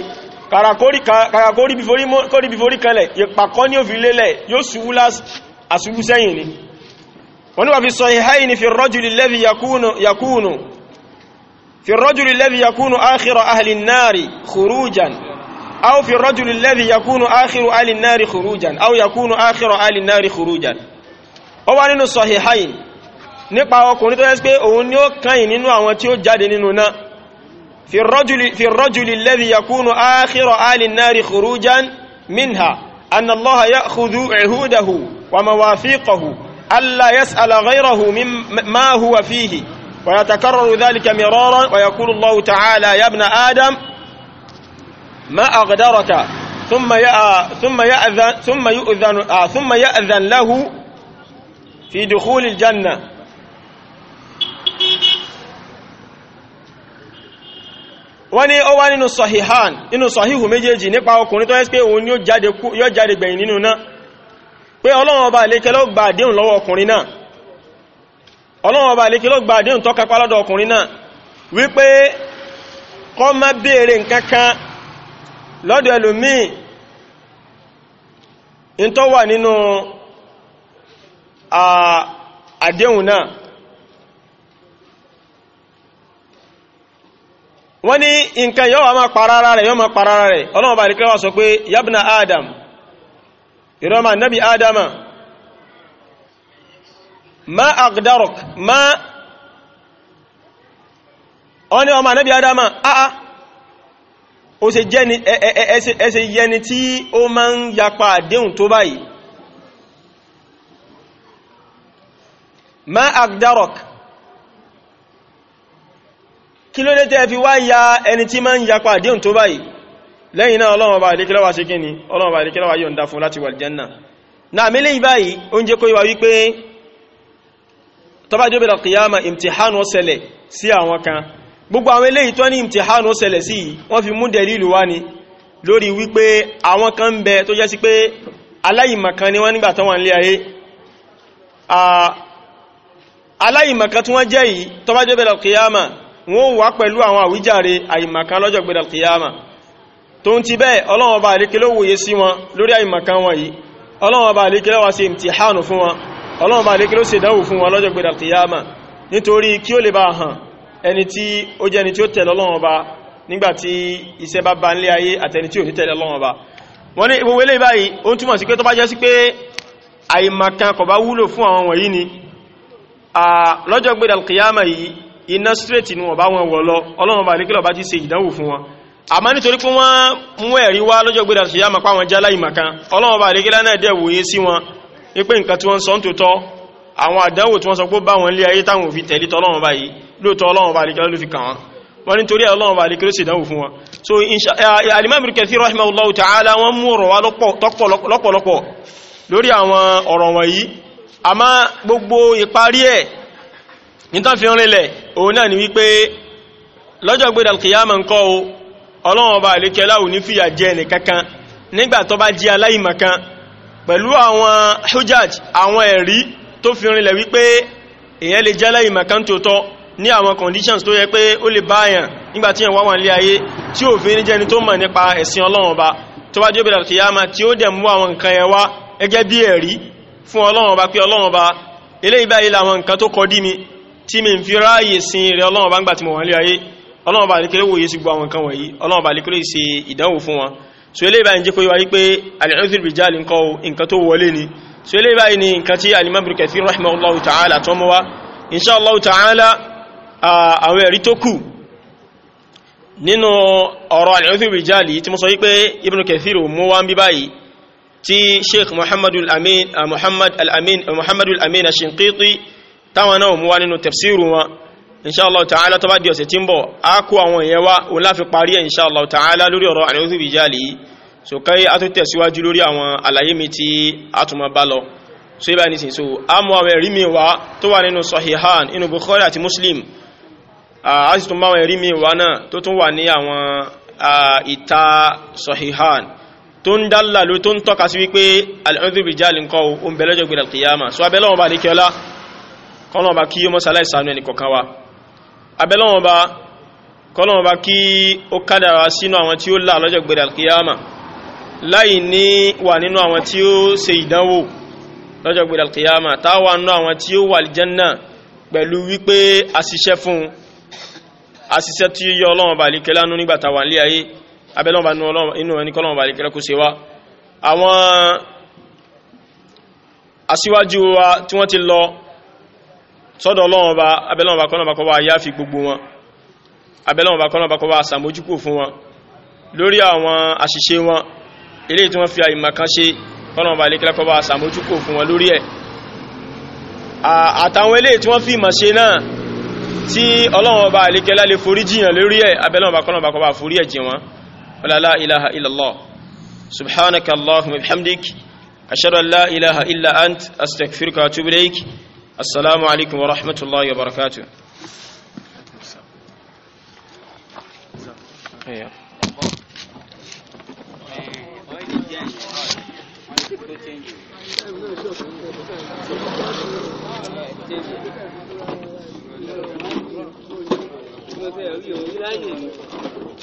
kàràkórí bìforí kanlẹ̀ ìpàkọ́ ní òfin lélẹ̀ yóò ṣubú àṣubú sẹ́yìn ni wọ́n ni wà fi sahihaini fi rajuli alladhi yakunu fi rajuli alladhi yakunu akhira ahli an-nari khurujan aw fi rajuli alladhi yakunu akhiru ahli an-nari khurujan aw yakunu akhira ahli an-nari khurujan ó wà nínú sahihaini nípa ọkùnrin tó yẹ pé òun ni ó kàn nínú àwọn tí ó jáde nínú náà في الرجل في الرجل الذي يكون آخر آل النار خروجا منها أن الله يأخذ عهوده ومواثيقه ألا يسأل غيره مما هو فيه ويتكرر ذلك مرارا ويقول الله تعالى يا ابن آدم ما أغدرك ثم ثم يأذن ثم يؤذن آه، ثم يأذن له في دخول الجنة wọ́n ní ó wá nínú sahihan nínú sahihu méjèèjì nípa ọkùnrin tó yẹ́ pé òun yóò jáde gbẹ̀yìn nínú náà pé ọlọ́run ọba àlékẹ́ ló gba àdéhùn lọ́wọ́ ọkùnrin náà ọlọ́run ọba gba àdéhùn tọ́kápá lọ́dọ̀ ọkùnrin náà wípé kó má béèrè nkankan lọ́dọ̀ ẹlòmíì in tó wà nínú àdéhùn náà wọ́n ní nǹkan yọ́ wà máa parára rẹ̀ yọ́ máa parára rẹ̀ ọlọ́wọ́ bá ní kílọ́wà sọ pé yabna adam ìrọ́mà nabi adama ma agdarok ma ọ ní ọmọ nabi adama a'a ah, ah. ó ṣe jẹ́ni ẹsẹ yẹni tí ó ma ń yapa àdéhùn tó báyìí ma agdarok kí ló dé tẹ́ fi wá ya ẹni tí máa ń yapa àdéhùn tó báyìí lẹ́yìn náà ọlọ́run ọba àdékẹ́lọ́wà ṣe kí ni ọlọ́run ọba àdékẹ́lọ́wà yóò ń dá fún láti wà jẹ́nà náà mílẹ̀ ìbáyìí oúnjẹ kó yíwa wípé tó bá jẹ́ bẹ̀rẹ̀ kìyàmà ìmtìhánù ṣẹlẹ̀ sí àwọn kan gbogbo àwọn eléyìí tó ní ìmtìhánù ṣẹlẹ̀ sí wọ́n fi mú dẹ̀lílù wá ni lórí wípé àwọn kan bẹ tó jẹ́ sí pé aláìmọ̀kan ni wọ́n nígbà tó wọ́n lé ayé aláìmọ̀kan tí wọ́n jẹ́ yìí tó wọ́n wá pẹ̀lú àwọn àwíjàre àìmàkan lọ́jọ́ gbẹ̀dẹ̀ kìyàmà tó ń ti bẹ́ẹ̀ ọlọ́wọ́n bá àlékẹ́ ló wòye sí wọn lórí àìmàkan wọn yìí ọlọ́wọ́n bá àlékẹ́ ló wá ṣe ìmtìhánù fún wọn ọlọ́wọ́n bá àlékẹ́ ló ṣe dánwò fún wọn lọ́jọ́ gbẹ̀dẹ̀ kìyàmà nítorí kí ó lè bá hàn ẹni tí ó jẹ́ ẹni tí ó tẹ̀lé ọlọ́wọ́n bá nígbàtí iṣẹ́ bá bá nílé ayé àtẹni tí ò ní tẹ̀lé ọlọ́wọ́n bá wọ́n ní ìwòwélé báyìí ó ń túmọ̀ sí pé tó bá jẹ́ sí pé àìmàkan kò bá wúlò fún àwọn wọ̀nyí ni lọ́jọ́ gbẹ̀dẹ̀ kìyàmà yìí iná straight ni wọ́n bá wọn wọ̀ lọ ọlọ́run bá ní kílọ̀ bá ti ṣe ìdánwò fún wọn àmọ́ nítorí pé wọ́n mú ẹ̀rí wá lọ́jọ́ gbé dàtí yá mapá wọn jálá ìmọ̀kan ọlọ́run bá àdékílá náà dẹ̀ wòye sí wọn ní pé nǹkan tí wọ́n sọ ń tó tọ́ àwọn àdánwò tí wọ́n sọ pé bá wọn lé ayé táwọn òfin tẹ̀lé tọ́lọ́run bá yìí lóòótọ́ ọlọ́run bá àdékílá ló fi kàn wọ́n wọ́n nítorí ọlọ́run bá àdékílá sì dánwò fún wọn so alimam Ibn Kathir rahimahullahu ta'ala wọ́n mú ọ̀rọ̀ wá lọ́pọ̀lọpọ̀ lórí àwọn ọ̀rọ̀ wọ̀nyí àmọ́ gbogbo ìparí ẹ̀ nítorí fi rinlẹ̀ òun náà ni wípé lọ́jọ́ gbé dalkiyama ń kọ́ o ọlọ́wọ́n ọba àlékẹ́ láwù ní fìyà jẹ ẹnì kankan nígbà tó bá jí aláìmọ̀kan pẹ̀lú àwọn hujjaj àwọn ẹ̀rí tó fi rinlẹ̀ wípé èyẹ lè jẹ́ aláìmọ̀kan tòótọ́ ní àwọn conditions tó yẹ pé ó lè báyàn nígbà tí wọ́n wà nílé ayé tí òfin ní jẹni tó mọ̀ nípa ẹ̀sìn ọlọ́wọ́n ọba tó bá jóbe dalkiyama làwọn nǹkan tó kọ dí mi tí mi fi ráyè sin rẹ̀ ọlọ́run bá ń gbà tí mo wà nílé ayé ọlọ́run bá lékèrè wòye sí gbọ́ àwọn nǹkan wọ̀nyí ọlọ́run bá lékèrè ṣe ìdánwò fún wọn so eléyìí báyìí jẹ́ kó yíwa wípé alẹ́rìndì bìjá lè ń kọ́ nǹkan tó wọlé ni so eléyìí báyìí ni nǹkan tí alimabiri kẹfì rahimahullahu ta'ala tó mọ́ wá inshallah ta'ala àwọn mo sọ wípé ibn kẹfì sheikh muhammadu amin muhammad al-amin muhammadu al-amin ashinqiti táwọn náà mú wá nínú tafsiru wọn inṣáàlá ta'ala tó bá di ọ̀sẹ̀ tí ń bọ̀ á kó àwọn èèyàn wá o láfi parí ẹ̀ inṣáàlá ta'ala lórí ọ̀rọ̀ àníwòsù bìjálì yìí so káyé a tó tẹ̀síwájú lórí àwọn àlàyé mi tí a tún máa bá lọ so ibà ní sinso a mú àwọn ẹ̀rí mi wá tó wà nínú sahihan inú bukhari àti muslim a sì tún máwọn ẹ̀rí mi wá náà tó tún wà ní àwọn ìta sahihan tó ń dálà ló tó ń tọ́ka sí wípé àlẹ́ọ̀dù bìjálì nǹkan ò ń bẹ̀lẹ́jọ̀ gbẹ̀rẹ̀ kìyàmà so abẹ́lẹ́wọ̀n bá ní kíọ́lá kọ́lọ́wọ́n bá kí yóò mọ́sá láìsànú ẹni kọ̀kan wa abẹ́lọ́wọ́n bá kọ́lọ́wọ́n bá kí ó kádàrá sínú àwọn tí ó là lọ́jọ́ gbẹ̀rẹ̀ alkiyama láì ní wà nínú àwọn tí ó ṣe ìdánwò lọ́jọ́ gbẹ̀rẹ̀ alkiyama táwà nínú àwọn tí ó wà aljanna pẹ̀lú wípé àṣiṣẹ́ fún àṣiṣẹ́ tí yọ ọlọ́wọ́n bá lékelá nú nígbà tí wọ́n ti lọ sọ́dọ̀ ọlọ́wọ́n bá abẹ́lọ́wọ́n bá kọ́nà bá kọ́ wá yá fi gbogbo wọn abẹ́lọ́wọ́n bá kọ́nà bá kọ́ wá sàmójúkò fún wọn lórí àwọn àṣìṣe wọn ilé tí wọ́n fi àìmọ̀ kan ṣe kọ́nà bá lè kílákọ́ wá sàmójúkò fún wọn lórí ẹ̀ àtàwọn ilé tí wọ́n fi ìmọ̀ ṣe náà tí ọlọ́wọ́n bá lè kẹ́lá lè forí jiyàn lórí ẹ̀ abẹ́lọ́wọ́n bá kọ́nà bá kọ́ wá forí ẹ̀ jì wọn la ilaha illallah subhanaka allahumma bihamdik ashhadu an la ilaha illa ant astaghfiruka wa السلام عليكم ورحمة الله وبركاته Thank you.